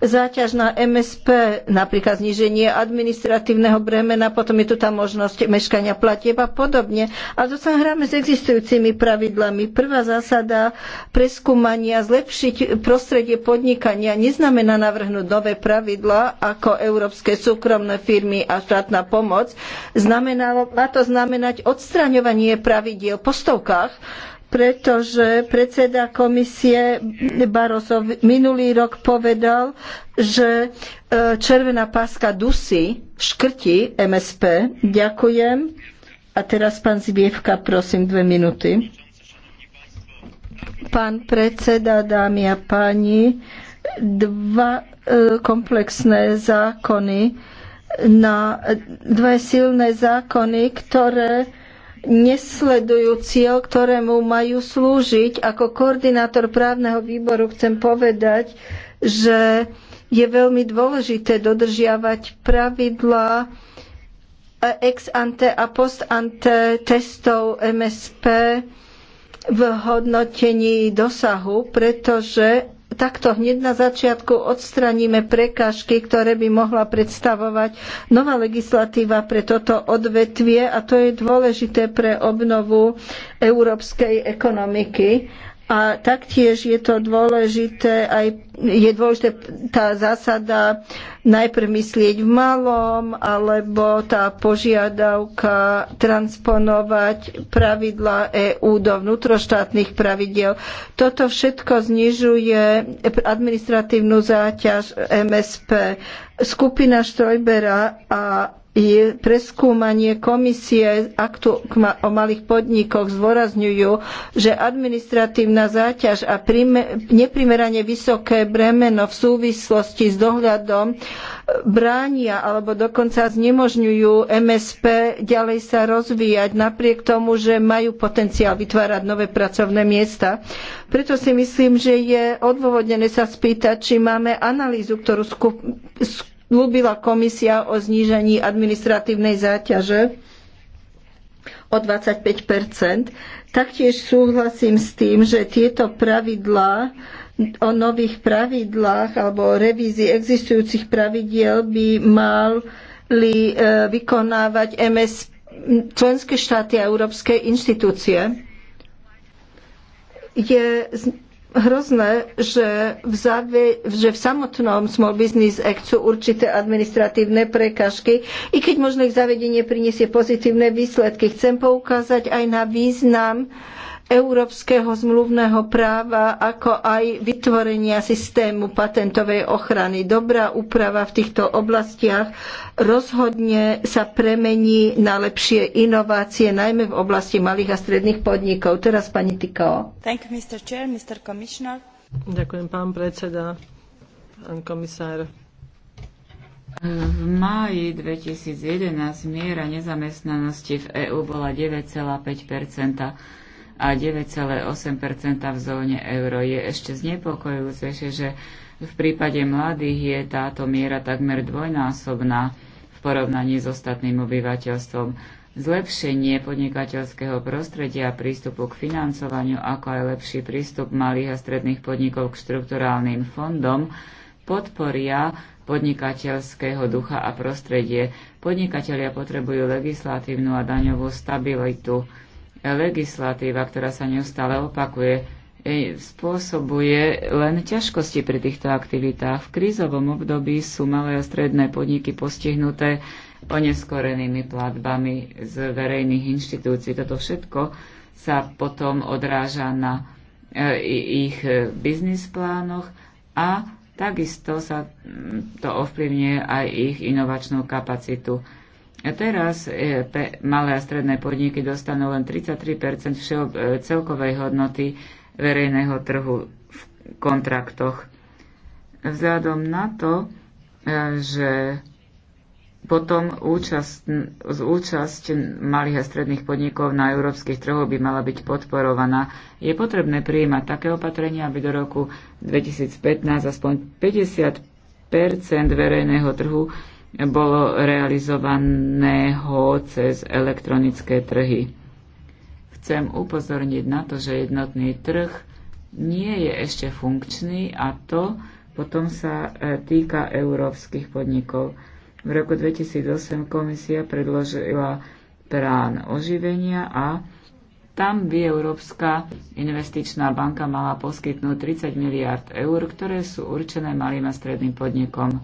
záťaž na MSP, napríklad zníženie administratívneho bremena, potom je tu tá možnosť meškania platieb a podobne. A to sa hráme s existujúcimi pravidlami. Prvá zásada preskúmania, zlepšiť prostredie podnikania, neznamená navrhnúť nové pravidlá ako európske súkromné firmy a štát štátna pomoc. Znamenalo, má to znamenať odstraňovanie pravidiel po stovkách, pretože predseda komisie Barroso minulý rok povedal, že e, červená páska dusí, škrti MSP. Ďakujem. A teraz pán Zbievka, prosím, dve minúty. Pán predseda, dámy a páni, dva e, komplexné zákony na dve silné zákony, ktoré nesledujú cieľ, ktorému majú slúžiť. Ako koordinátor právneho výboru chcem povedať, že je veľmi dôležité dodržiavať pravidla ex ante a post ante testov MSP v hodnotení dosahu, pretože takto hneď na začiatku odstraníme prekážky, ktoré by mohla predstavovať nová legislatíva pre toto odvetvie a to je dôležité pre obnovu európskej ekonomiky. A taktiež je to dôležité, aj, je dôležité tá zásada najprv myslieť v malom, alebo tá požiadavka transponovať pravidla EÚ do vnútroštátnych pravidel. Toto všetko znižuje administratívnu záťaž MSP. Skupina Štrojbera a je preskúmanie komisie aktu o malých podnikoch zdôrazňujú, že administratívna záťaž a neprimerane vysoké bremeno v súvislosti s dohľadom e, bránia alebo dokonca znemožňujú MSP ďalej sa rozvíjať napriek tomu, že majú potenciál vytvárať nové pracovné miesta. Preto si myslím, že je odôvodnené sa spýtať, či máme analýzu, ktorú skup- slúbila komisia o znížení administratívnej záťaže o 25 Taktiež súhlasím s tým, že tieto pravidlá o nových pravidlách alebo o revízii existujúcich pravidiel by mali e, vykonávať MS, členské štáty a európske inštitúcie. Je hrozné, že v, závie, že v samotnom Small Business Act sú určité administratívne prekažky, i keď možno ich zavedenie priniesie pozitívne výsledky. Chcem poukázať aj na význam uh, európskeho zmluvného práva, ako aj vytvorenia systému patentovej ochrany. Dobrá úprava v týchto oblastiach rozhodne sa premení na lepšie inovácie, najmä v oblasti malých a stredných podnikov. Teraz pani Tikao. Ďakujem, pán predseda, pán komisár. V máji 2011 miera nezamestnanosti v EÚ bola 9,5 a 9,8 v zóne euro. Je ešte znepokojujúcejšie, že v prípade mladých je táto miera takmer dvojnásobná v porovnaní s ostatným obyvateľstvom. Zlepšenie podnikateľského prostredia a prístupu k financovaniu, ako aj lepší prístup malých a stredných podnikov k štrukturálnym fondom podporia podnikateľského ducha a prostredie. Podnikatelia potrebujú legislatívnu a daňovú stabilitu legislatíva, ktorá sa neustále opakuje, e, spôsobuje len ťažkosti pri týchto aktivitách. V krízovom období sú malé a stredné podniky postihnuté oneskorenými platbami z verejných inštitúcií. Toto všetko sa potom odráža na e, ich biznis plánoch a takisto sa mm, to ovplyvňuje aj ich inovačnú kapacitu. Teraz e, malé a stredné podniky dostanú len 33 e, celkovej hodnoty verejného trhu v kontraktoch. Vzhľadom na to, e, že potom účasť, účasť malých a stredných podnikov na európskych trhoch by mala byť podporovaná. Je potrebné prijímať také opatrenia, aby do roku 2015 aspoň 50 verejného trhu bolo realizovaného cez elektronické trhy. Chcem upozorniť na to, že jednotný trh nie je ešte funkčný a to potom sa e, týka európskych podnikov. V roku 2008 komisia predložila plán oživenia a tam by Európska investičná banka mala poskytnúť 30 miliard eur, ktoré sú určené malým a stredným podnikom.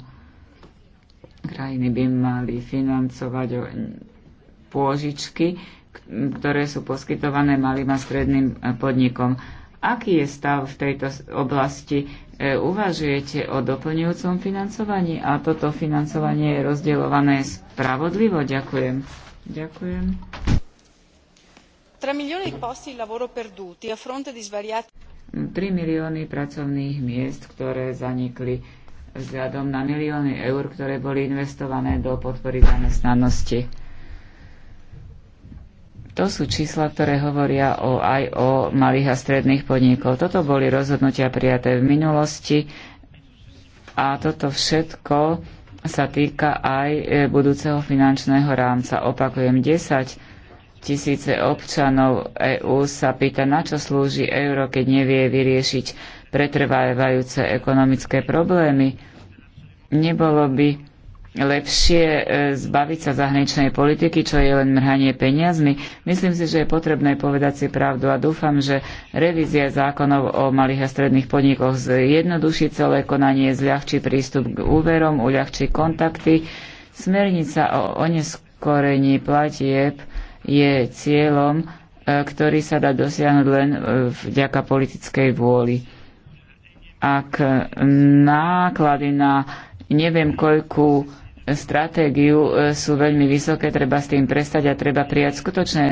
Krajiny by mali financovať pôžičky, ktoré sú poskytované malým a stredným e, podnikom. Aký je stav v tejto oblasti? E, uvažujete o doplňujúcom financovaní a toto financovanie je rozdielované spravodlivo? Ďakujem. Ďakujem. Tri milióny posti lavoro perduti a fronte di svariati 3 milióny pracovných miest, ktoré zanikli vzhľadom na milióny eur, ktoré boli investované do podpory zamestnanosti. To sú čísla, ktoré hovoria o, aj o malých a stredných podnikov. Toto boli rozhodnutia prijaté v minulosti a toto všetko sa týka aj e, budúceho finančného rámca. Opakujem, 10 Tisíce občanov EÚ sa pýta, na čo slúži euro, keď nevie vyriešiť pretrvávajúce ekonomické problémy. Nebolo by lepšie e, zbaviť sa zahraničnej politiky, čo je len mrhanie peniazmi. Myslím si, že je potrebné povedať si pravdu a dúfam, že revízia zákonov o malých a stredných podnikoch zjednoduší celé konanie, zľahčí prístup k úverom, uľahčí kontakty. Smernica o oneskorení platieb je cieľom e, ktorý sa dá dosiahnuť len e, vďaka politickej vôli ak náklady na neviem koľkú stratégiu e, sú veľmi vysoké, treba s tým prestať a treba prijať skutočné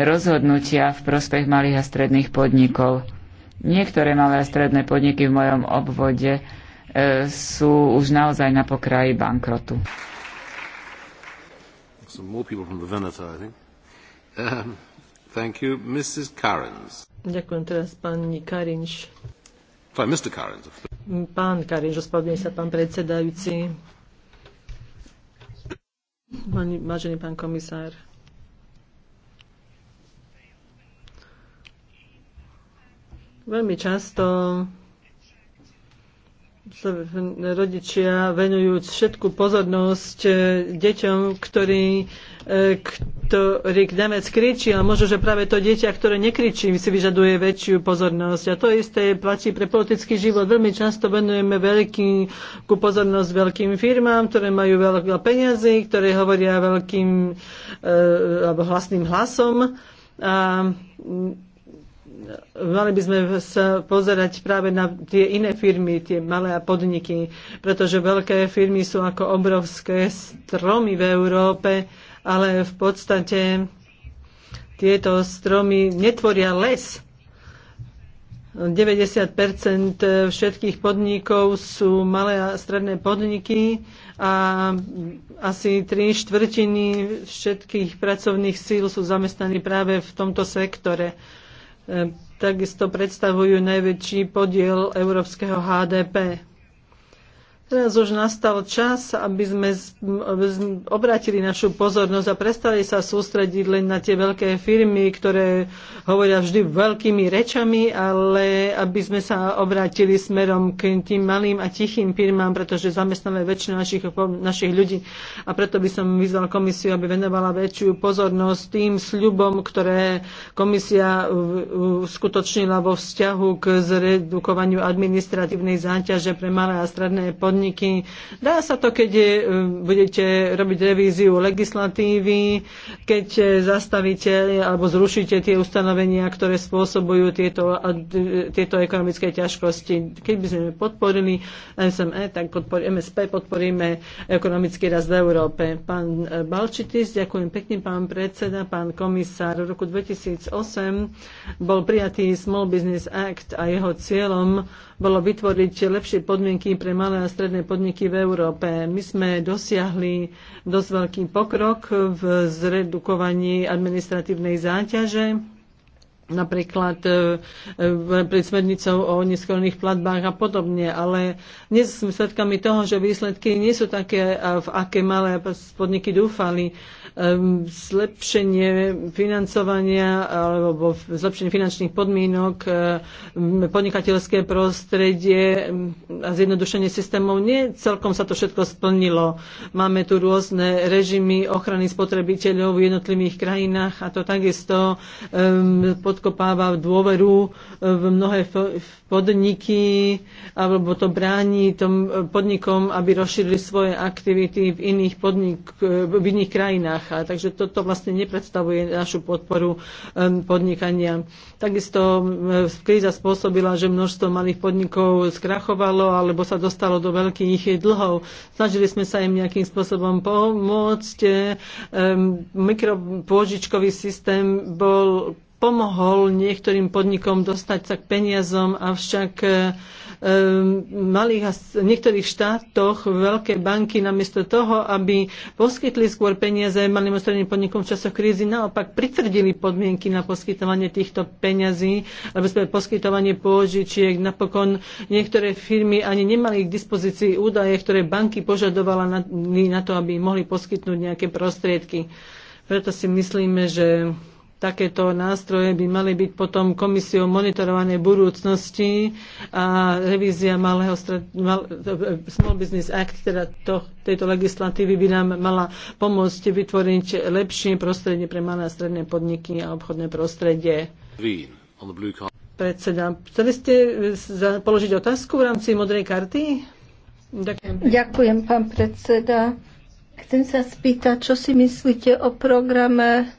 rozhodnutia v prospech malých a stredných podnikov. Niektoré malé a stredné podniky v mojom obvode e, sú už naozaj na pokraji bankrotu. Um, Ďakujem teraz pani Karinš. Pán Karinž, ospravedlňujem sa, pán predsedajúci. Vážený pán komisár. Veľmi často rodičia venujúc všetku pozornosť e, deťom, ktorí, e, ktorý Nemec kričí, ale možno, že práve to dieťa, ktoré nekričí, si vyžaduje väčšiu pozornosť. A to isté platí pre politický život. Veľmi často venujeme veľkú pozornosť veľkým firmám, ktoré majú veľa peniazy, ktoré hovoria veľkým e, alebo hlasným hlasom. A mali by sme sa pozerať práve na tie iné firmy, tie malé podniky, pretože veľké firmy sú ako obrovské stromy v Európe, ale v podstate tieto stromy netvoria les. 90 všetkých podnikov sú malé a stredné podniky a asi tri štvrtiny všetkých pracovných síl sú zamestnaní práve v tomto sektore. Ehm, takisto predstavujú najväčší podiel európskeho HDP. Teraz už nastal čas, aby sme obrátili našu pozornosť a prestali sa sústrediť len na tie veľké firmy, ktoré hovoria vždy veľkými rečami, ale aby sme sa obrátili smerom k tým malým a tichým firmám, pretože zamestnáme väčšinu našich, našich ľudí. A preto by som vyzval komisiu, aby venovala väčšiu pozornosť tým sľubom, ktoré komisia skutočnila vo vzťahu k zredukovaniu administratívnej záťaže pre malé a stredné podniky podniky. Dá sa to, keď je, budete robiť revíziu legislatívy, keď e, zastavíte alebo zrušíte tie ustanovenia, ktoré spôsobujú tieto, tieto ekonomické ťažkosti. Keď by sme podporili SME, tak podpor, MSP podporíme ekonomický rast v Európe. Pán e, Balčitis, ďakujem pekne, pán predseda, pán komisár. V roku 2008 bol prijatý Small Business Act a jeho cieľom bolo vytvoriť lepšie podmienky pre malé a stredné stredné podniky v Európe. My sme dosiahli dosť veľký pokrok v zredukovaní administratívnej záťaže napríklad e, e, pred smernicou o neskorných platbách a podobne, ale dnes sme svedkami toho, že výsledky nie sú také, v aké malé podniky dúfali. Ehm, zlepšenie financovania alebo zlepšenie finančných podmienok, ehm, podnikateľské prostredie ehm, a zjednodušenie systémov, nie celkom sa to všetko splnilo. Máme tu rôzne režimy ochrany spotrebiteľov v jednotlivých krajinách a to takisto pod podkopáva v dôveru e, v mnohé podniky alebo to bráni tom podnikom, aby rozšírili svoje aktivity v iných, podnik, e, v iných krajinách. A takže toto vlastne nepredstavuje našu podporu podnikania. Takisto e, kríza spôsobila, že množstvo malých podnikov skrachovalo alebo sa dostalo do veľkých dlhov. Snažili sme sa im nejakým spôsobom pomôcť. Mikropôžičkový systém bol pomohol niektorým podnikom dostať sa k peniazom, avšak e, e, malých a v niektorých štátoch veľké banky namiesto toho, aby poskytli skôr peniaze malým ostredným podnikom v časoch krízy, naopak pritvrdili podmienky na poskytovanie týchto peňazí, alebo poskytovanie pôžičiek. Napokon niektoré firmy ani nemali k dispozícii údaje, ktoré banky požadovala na, na to, aby mohli poskytnúť nejaké prostriedky. Preto si myslíme, že takéto nástroje by mali byť potom komisiou monitorované budúcnosti a revízia malého mal, Small Business Act, teda to, tejto legislatívy by nám mala pomôcť vytvoriť lepšie prostredie pre malé a stredné podniky a obchodné prostredie. Predseda, chceli ste položiť otázku v rámci modrej karty? Ďakujem. Ďakujem, pán predseda. Chcem sa spýtať, čo si myslíte o programe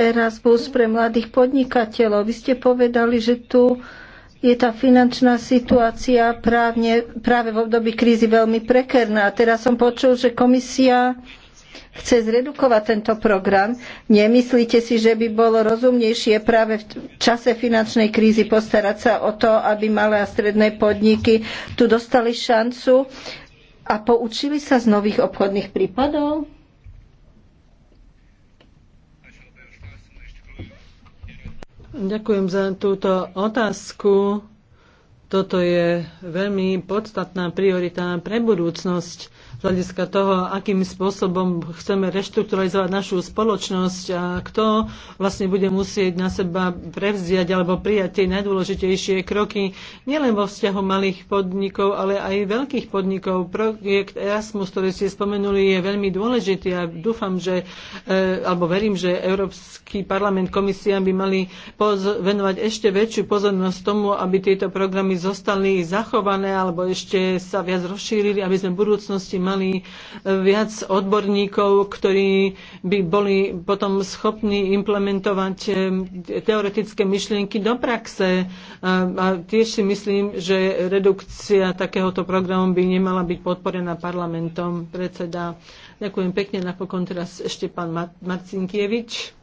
Erasmus pre mladých podnikateľov. Vy ste povedali, že tu je tá finančná situácia právne, práve v období krízy veľmi prekerná. Teraz som počul, že komisia chce zredukovať tento program. Nemyslíte si, že by bolo rozumnejšie práve v čase finančnej krízy postarať sa o to, aby malé a stredné podniky tu dostali šancu a poučili sa z nových obchodných prípadov? Ďakujem za túto otázku. Toto je veľmi podstatná priorita pre budúcnosť z hľadiska toho, akým spôsobom chceme reštrukturalizovať našu spoločnosť a kto vlastne bude musieť na seba prevziať alebo prijať tie najdôležitejšie kroky nielen vo vzťahu malých podnikov, ale aj veľkých podnikov. Projekt Erasmus, ktorý ste spomenuli, je veľmi dôležitý a dúfam, že, e, alebo verím, že Európsky parlament, komisia by mali venovať ešte väčšiu pozornosť tomu, aby tieto programy zostali zachované alebo ešte sa viac rozšírili, aby sme v budúcnosti mali mali eh, viac odborníkov, ktorí by boli potom schopní implementovať eh, teoretické myšlienky do praxe. A tiež si myslím, že redukcia takéhoto programu by nemala byť podporená parlamentom. Predseda, ďakujem pekne. Napokon teraz ešte pán Marcinkievič.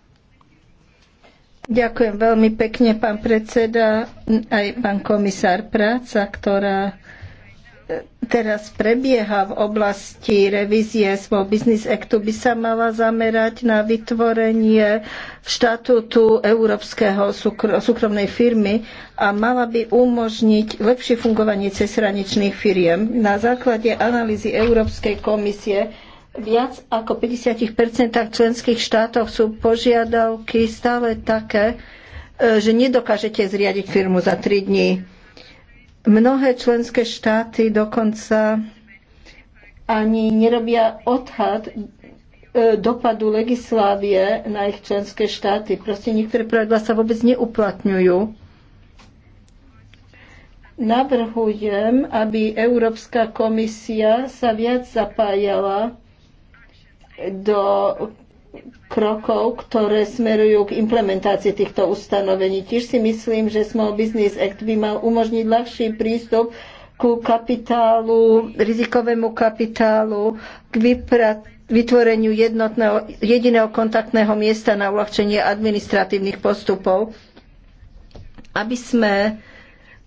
Ďakujem veľmi pekne, pán predseda, aj pán komisár práca, ktorá teraz prebieha v oblasti revízie Small Business Actu, by sa mala zamerať na vytvorenie štatútu Európskeho súkromnej firmy a mala by umožniť lepšie fungovanie cezhraničných firiem. Na základe analýzy Európskej komisie viac ako 50 členských štátov sú požiadavky stále také, e, že nedokážete zriadiť firmu za 3 dní Mnohé členské štáty dokonca ani nerobia odhad e, dopadu legislávie na ich členské štáty. Proste niektoré pravidla sa vôbec neuplatňujú. Navrhujem, aby Európska komisia sa viac zapájala do krokov, ktoré smerujú k implementácii týchto ustanovení. Tiež si myslím, že Small Business Act by mal umožniť ľahší prístup ku kapitálu, rizikovému kapitálu, k vyprat vytvoreniu jednotného, jediného kontaktného miesta na uľahčenie administratívnych postupov, aby sme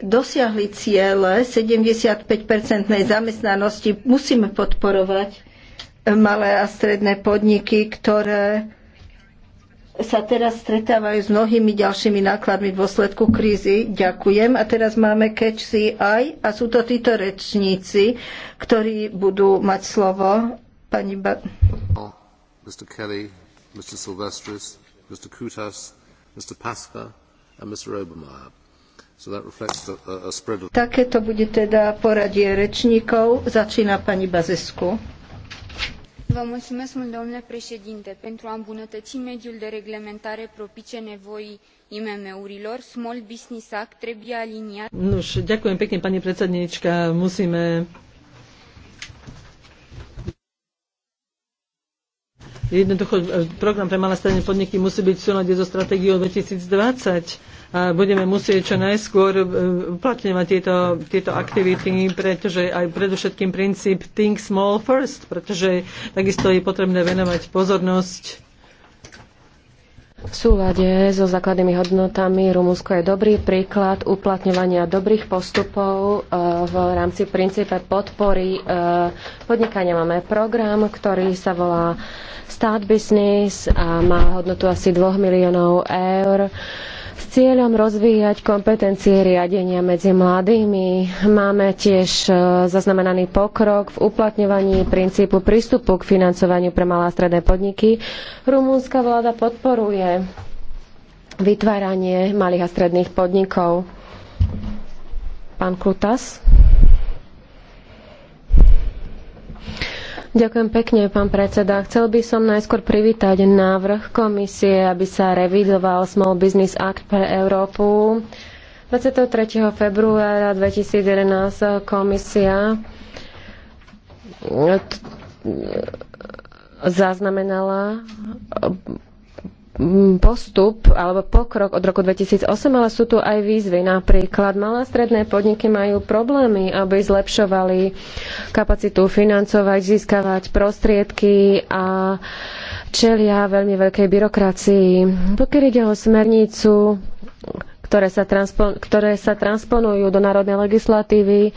dosiahli ciele 75-percentnej zamestnanosti, musíme podporovať malé a stredné podniky, ktoré sa teraz stretávajú s mnohými ďalšími nákladmi v dôsledku krízy. Ďakujem. A teraz máme Catch the Eye a sú to títo rečníci, ktorí budú mať slovo. Pani ba- Mr. Kelly, Mr. Silvestris, Mr. Kutas, Mr. Pasca a Mr. Obermeyer. So that reflects a, a spread of... Takéto bude teda poradie rečníkov. Začína pani Bazesku pentru a îmbunătăi mediul de reglementare propice nevoii imm urilor small business act trebuie aliniat. Nuž, ďakujem pekne pani predsedníčka. Musíme Jednoducho program pre malé stredné podniky musí byť v súlade so stratégiou 2020 budeme musieť čo najskôr e, uplatňovať tieto, tieto aktivity, pretože aj predovšetkým princíp think small first, pretože takisto je potrebné venovať pozornosť v súlade so základnými hodnotami Rumunsko je dobrý príklad uplatňovania dobrých postupov e, v rámci princípe podpory e, podnikania. Máme program, ktorý sa volá Start Business a má hodnotu asi 2 miliónov eur s cieľom rozvíjať kompetencie riadenia medzi mladými. Máme tiež e, zaznamenaný pokrok v uplatňovaní princípu prístupu k financovaniu pre malé a stredné podniky. Rumúnska vláda podporuje vytváranie malých a stredných podnikov. Pán Kutas. Ďakujem pekne, pán predseda. Chcel by som najskôr privítať návrh komisie, aby sa revidoval Small Business Act pre Európu. 23. februára 2011 komisia zaznamenala postup alebo pokrok od roku 2008, ale sú tu aj výzvy. Napríklad malé a stredné podniky majú problémy, aby zlepšovali kapacitu financovať, získavať prostriedky a čelia veľmi veľkej byrokracii. Pokiaľ ide o smernicu, ktoré sa, transpon- ktoré sa transponujú do národnej legislatívy,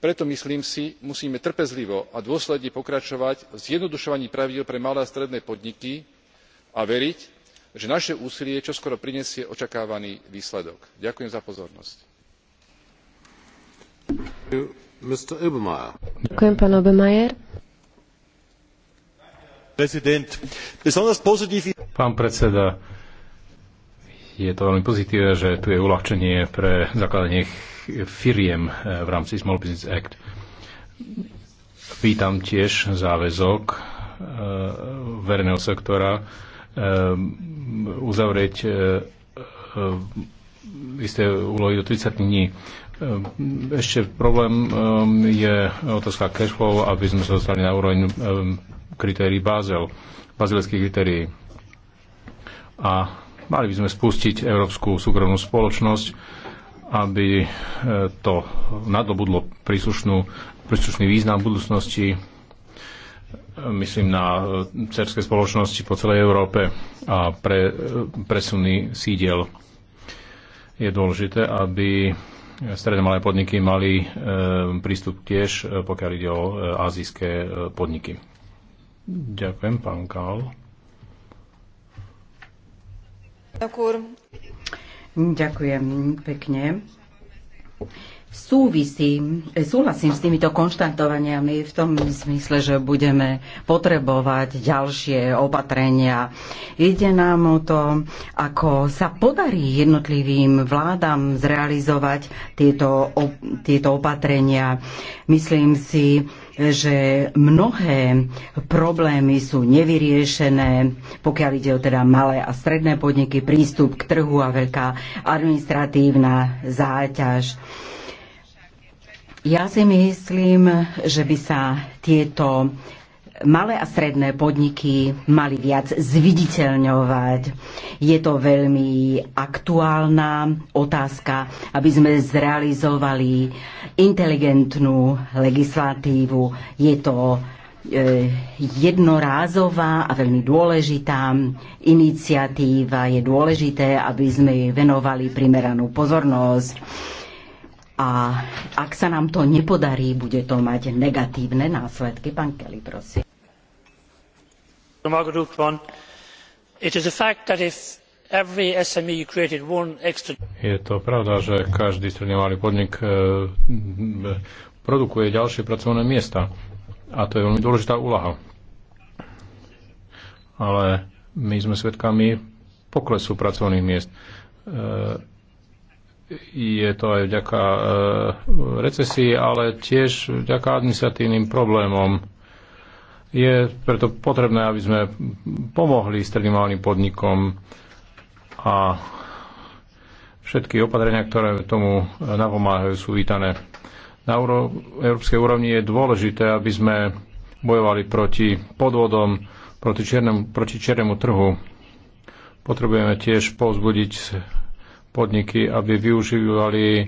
preto myslím si musíme trpezlivo a dôsledne pokračovať v zjednodušovaní pravidiel pre malé a stredné podniky a veriť že naše úsilie čoskoro prinesie očakávaný výsledok. ďakujem za pozornosť. pán pán predseda je to veľmi pozitívne že tu je uľahčenie pre zakladanie firiem eh, v rámci Small Business Act. Vítam tiež záväzok eh, verejného sektora eh, uzavrieť isté úlohy do 30 dní. Ešte problém je otázka cashflow, aby sme sa dostali na úroveň kritérií Bázel, bazilských kritérií. A mali by sme spustiť Európsku súkromnú spoločnosť, aby e, to nadobudlo príslušnú, príslušný význam v budúcnosti, e, myslím na e, cerské spoločnosti po celej Európe a pre, presuný sídiel. Je dôležité, aby stredné malé podniky mali prístup tiež, pokiaľ ide o azijské podniky. Ďakujem, pán Kál. Ďakujem pekne. Súvisí, eh, súhlasím s týmito konštantovaniami v tom zmysle, že budeme potrebovať ďalšie opatrenia. Ide nám o to, ako sa podarí jednotlivým vládam zrealizovať tieto, tieto opatrenia. Myslím si, že mnohé problémy sú nevyriešené, pokiaľ ide o teda malé a stredné podniky, prístup k trhu a veľká administratívna záťaž. Ja si myslím, že by sa tieto malé a stredné podniky mali viac zviditeľňovať. Je to veľmi aktuálna otázka, aby sme zrealizovali inteligentnú legislatívu. Je to e, jednorázová a veľmi dôležitá iniciatíva. Je dôležité, aby sme jej venovali primeranú pozornosť. A ak sa nám to nepodarí, bude to mať negatívne následky. Pán Kelly, prosím. E je to pravda že každý stredne malý podnik e, e, produkuje ďalšie pracovné miesta a to je veľmi dôležitá úlaha ale my sme svedkami poklesu pracovných miest je to aj vďaka recesii, ale tiež vďaka administratívnym problémom je preto potrebné, aby sme pomohli stredným malým podnikom a všetky opatrenia, ktoré tomu napomáhajú, sú vítané. Na euro- európskej úrovni je dôležité, aby sme bojovali proti podvodom, proti čiernemu, proti čiernemu trhu. Potrebujeme tiež povzbudiť podniky, aby využívali e,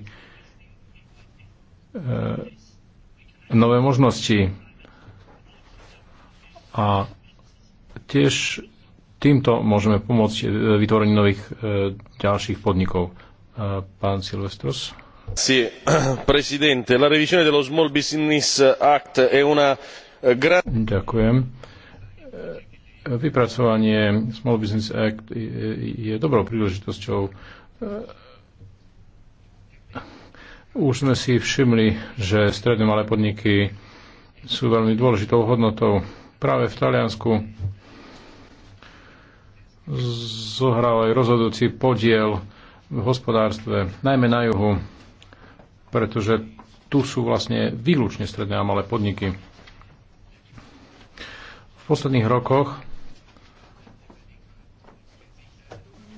nové možnosti a tiež týmto môžeme pomôcť e, vytvorení nových e, ďalších podnikov. E, pán Silvestros. Sì, Presidente, la revisione dello Small Business Act è una eh, grande... Ďakujem. Vypracovanie Small Business Act je dobrou príležitosťou. Už sme si všimli, že stredné malé podniky sú veľmi dôležitou hodnotou práve v Taliansku zohral aj rozhodujúci podiel v hospodárstve, najmä na juhu, pretože tu sú vlastne výlučne stredné a malé podniky. V posledných rokoch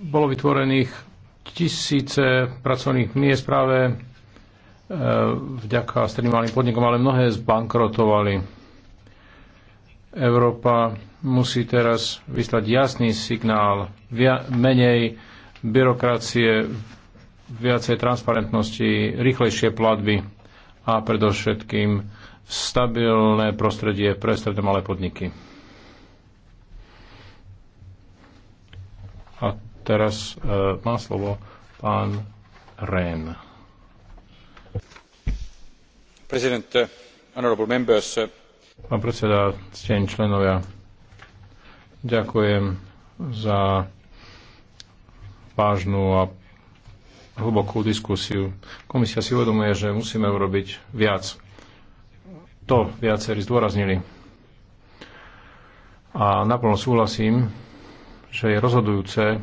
bolo vytvorených tisíce pracovných miest práve e, vďaka stredným malým podnikom, ale mnohé zbankrotovali Európa musí teraz vyslať jasný signál, via, menej byrokracie, viacej transparentnosti, rýchlejšie platby a predovšetkým stabilné prostredie pre stredné malé podniky. A teraz e, má slovo pán Rehn. President, uh, honorable members, uh, Pán predseda, ctení členovia, ďakujem za vážnu a hlbokú diskusiu. Komisia si uvedomuje, že musíme urobiť viac. To viacerí zdôraznili. A naplno súhlasím, že je rozhodujúce,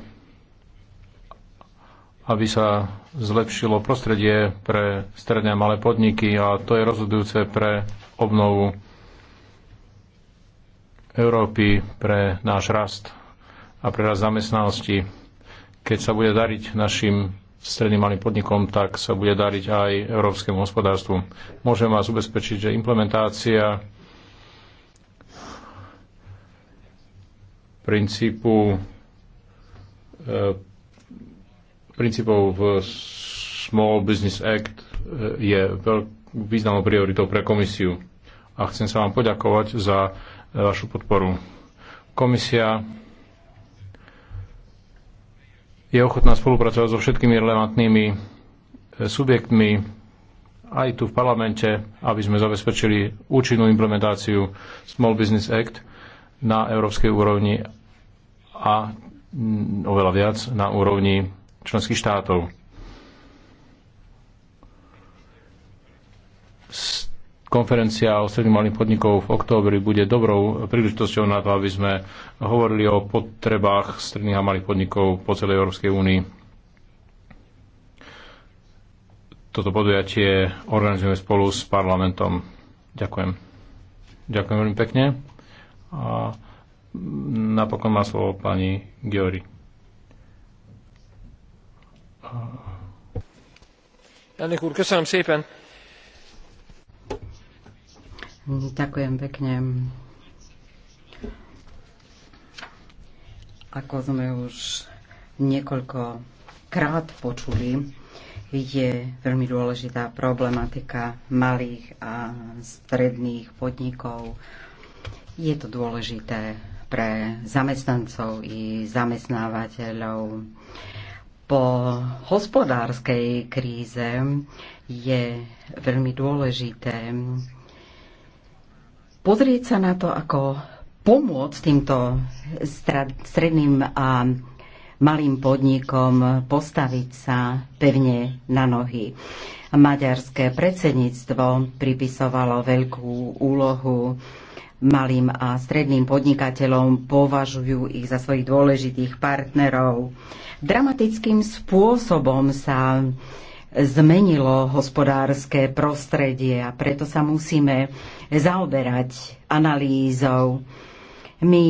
aby sa zlepšilo prostredie pre stredne a malé podniky a to je rozhodujúce pre obnovu Európy pre náš rast a pre rast zamestnanosti. Keď sa bude dariť našim stredným malým podnikom, tak sa bude dariť aj európskemu hospodárstvu. Môžem vás ubezpečiť, že implementácia princípu e, princípov v Small Business Act e, je veľk, významnou prioritou pre komisiu. A chcem sa vám poďakovať za vašu podporu. Komisia je ochotná spolupracovať so všetkými relevantnými e, subjektmi aj tu v parlamente, aby sme zabezpečili účinnú implementáciu Small Business Act na európskej úrovni a oveľa viac na úrovni členských štátov. Konferencia o stredných malých podnikov v októbri bude dobrou príležitosťou na to, aby sme hovorili o potrebách stredných a malých podnikov po celej Európskej únii. Toto podujatie organizujeme spolu s parlamentom. Ďakujem. Ďakujem veľmi pekne. A napokon má slovo pani Giori. Elnök úr, köszönöm szépen! Ďakujem pekne. Ako sme už niekoľko krát počuli, je veľmi dôležitá problematika malých a stredných podnikov. Je to dôležité pre zamestnancov i zamestnávateľov. Po hospodárskej kríze je veľmi dôležité pozrieť sa na to, ako pomôcť týmto stredným a malým podnikom postaviť sa pevne na nohy. Maďarské predsedníctvo pripisovalo veľkú úlohu malým a stredným podnikateľom, považujú ich za svojich dôležitých partnerov. Dramatickým spôsobom sa zmenilo hospodárske prostredie a preto sa musíme zaoberať analýzou. My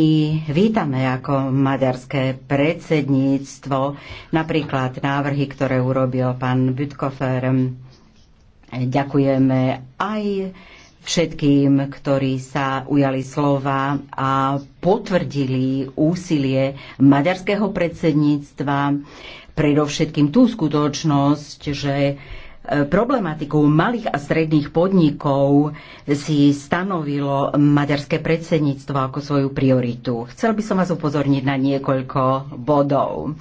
vítame ako maďarské predsedníctvo napríklad návrhy, ktoré urobil pán Bütkofer. Ďakujeme aj všetkým, ktorí sa ujali slova a potvrdili úsilie maďarského predsedníctva predovšetkým tú skutočnosť, že e, problematikou malých a stredných podnikov si stanovilo maďarské predsedníctvo ako svoju prioritu. Chcel by som vás upozorniť na niekoľko bodov.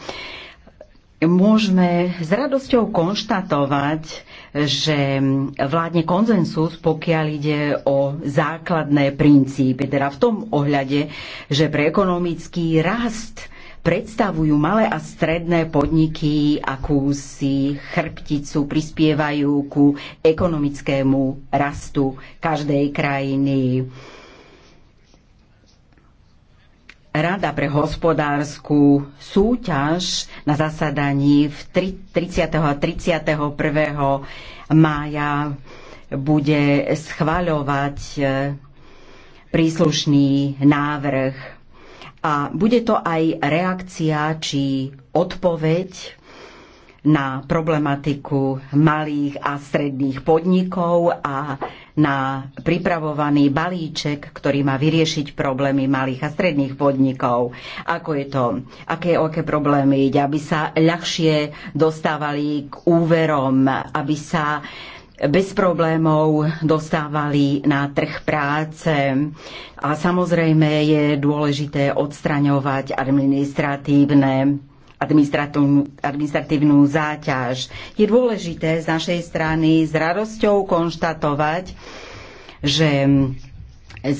Môžeme s radosťou konštatovať, že vládne konzensus, pokiaľ ide o základné princípy, teda v tom ohľade, že pre ekonomický rast predstavujú malé a stredné podniky akúsi chrbticu, prispievajú ku ekonomickému rastu každej krajiny. Rada pre hospodárskú súťaž na zasadaní v 30. a 31. mája bude schvaľovať e, príslušný návrh a bude to aj reakcia či odpoveď na problematiku malých a stredných podnikov a na pripravovaný balíček, ktorý má vyriešiť problémy malých a stredných podnikov. Ako je to, aké, aké problémy aby sa ľahšie dostávali k úverom, aby sa bez problémov dostávali na trh práce. A samozrejme je dôležité odstraňovať administratívne administratívnu záťaž. Je dôležité z našej strany s radosťou konštatovať, že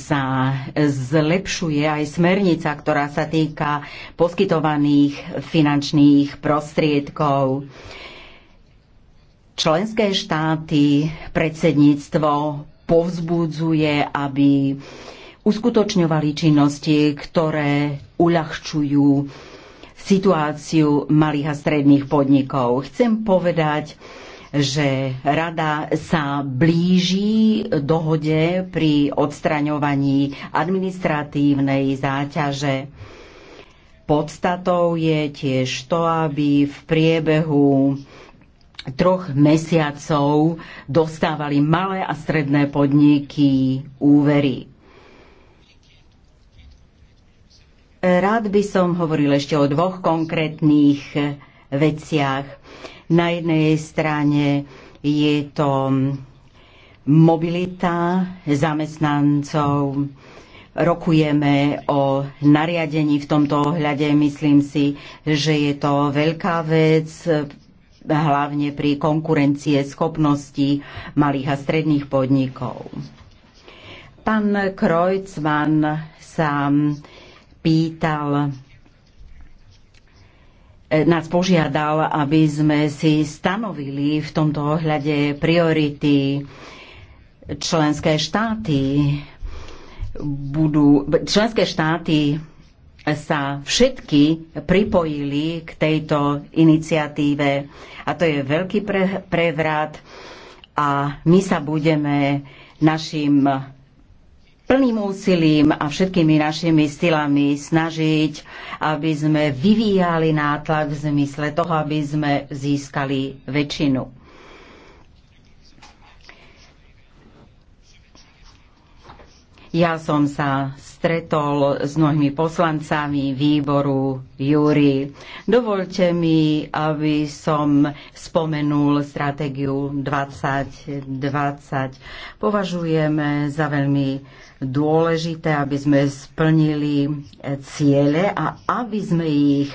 sa zlepšuje aj smernica, ktorá sa týka poskytovaných finančných prostriedkov členské štáty, predsedníctvo povzbudzuje, aby uskutočňovali činnosti, ktoré uľahčujú situáciu malých a stredných podnikov. Chcem povedať, že rada sa blíži dohode pri odstraňovaní administratívnej záťaže. Podstatou je tiež to, aby v priebehu troch mesiacov dostávali malé a stredné podniky úvery. Rád by som hovoril ešte o dvoch konkrétnych veciach. Na jednej strane je to mobilita zamestnancov. Rokujeme o nariadení v tomto ohľade. Myslím si, že je to veľká vec hlavne pri konkurencie schopností malých a stredných podnikov. Pán Krojcman sa pýtal, e, nás požiadal, aby sme si stanovili v tomto ohľade priority členské štáty budú, členské štáty sa všetky pripojili k tejto iniciatíve a to je veľký pre, prevrat a my sa budeme našim plným úsilím a všetkými našimi silami snažiť, aby sme vyvíjali nátlak v zmysle toho, aby sme získali väčšinu. Ja som sa stretol s mnohými poslancami výboru Júri. Dovolte mi, aby som spomenul stratégiu 2020. Považujeme za veľmi dôležité, aby sme splnili eh, ciele a aby sme ich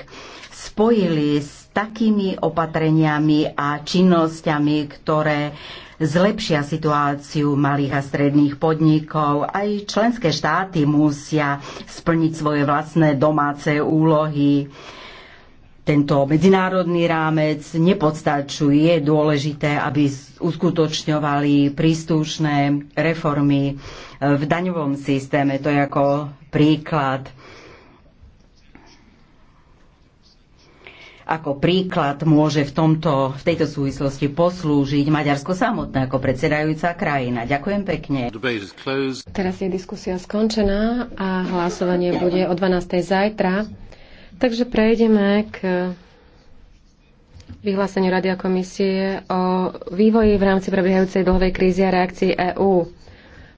spojili s takými opatreniami a činnosťami, ktoré zlepšia situáciu malých a stredných podnikov. Aj členské štáty musia splniť svoje vlastné domáce úlohy. Tento medzinárodný rámec nepodstačuje, je dôležité, aby uskutočňovali príslušné reformy v daňovom systéme. To je ako príklad Ako príklad môže v, tomto, v tejto súvislosti poslúžiť Maďarsko samotné ako predsedajúca krajina. Ďakujem pekne. Teraz je diskusia skončená a hlasovanie bude o 12. zajtra. Takže prejdeme k vyhláseniu Radia komisie o vývoji v rámci prebiehajúcej dlhovej krízy a reakcii EÚ.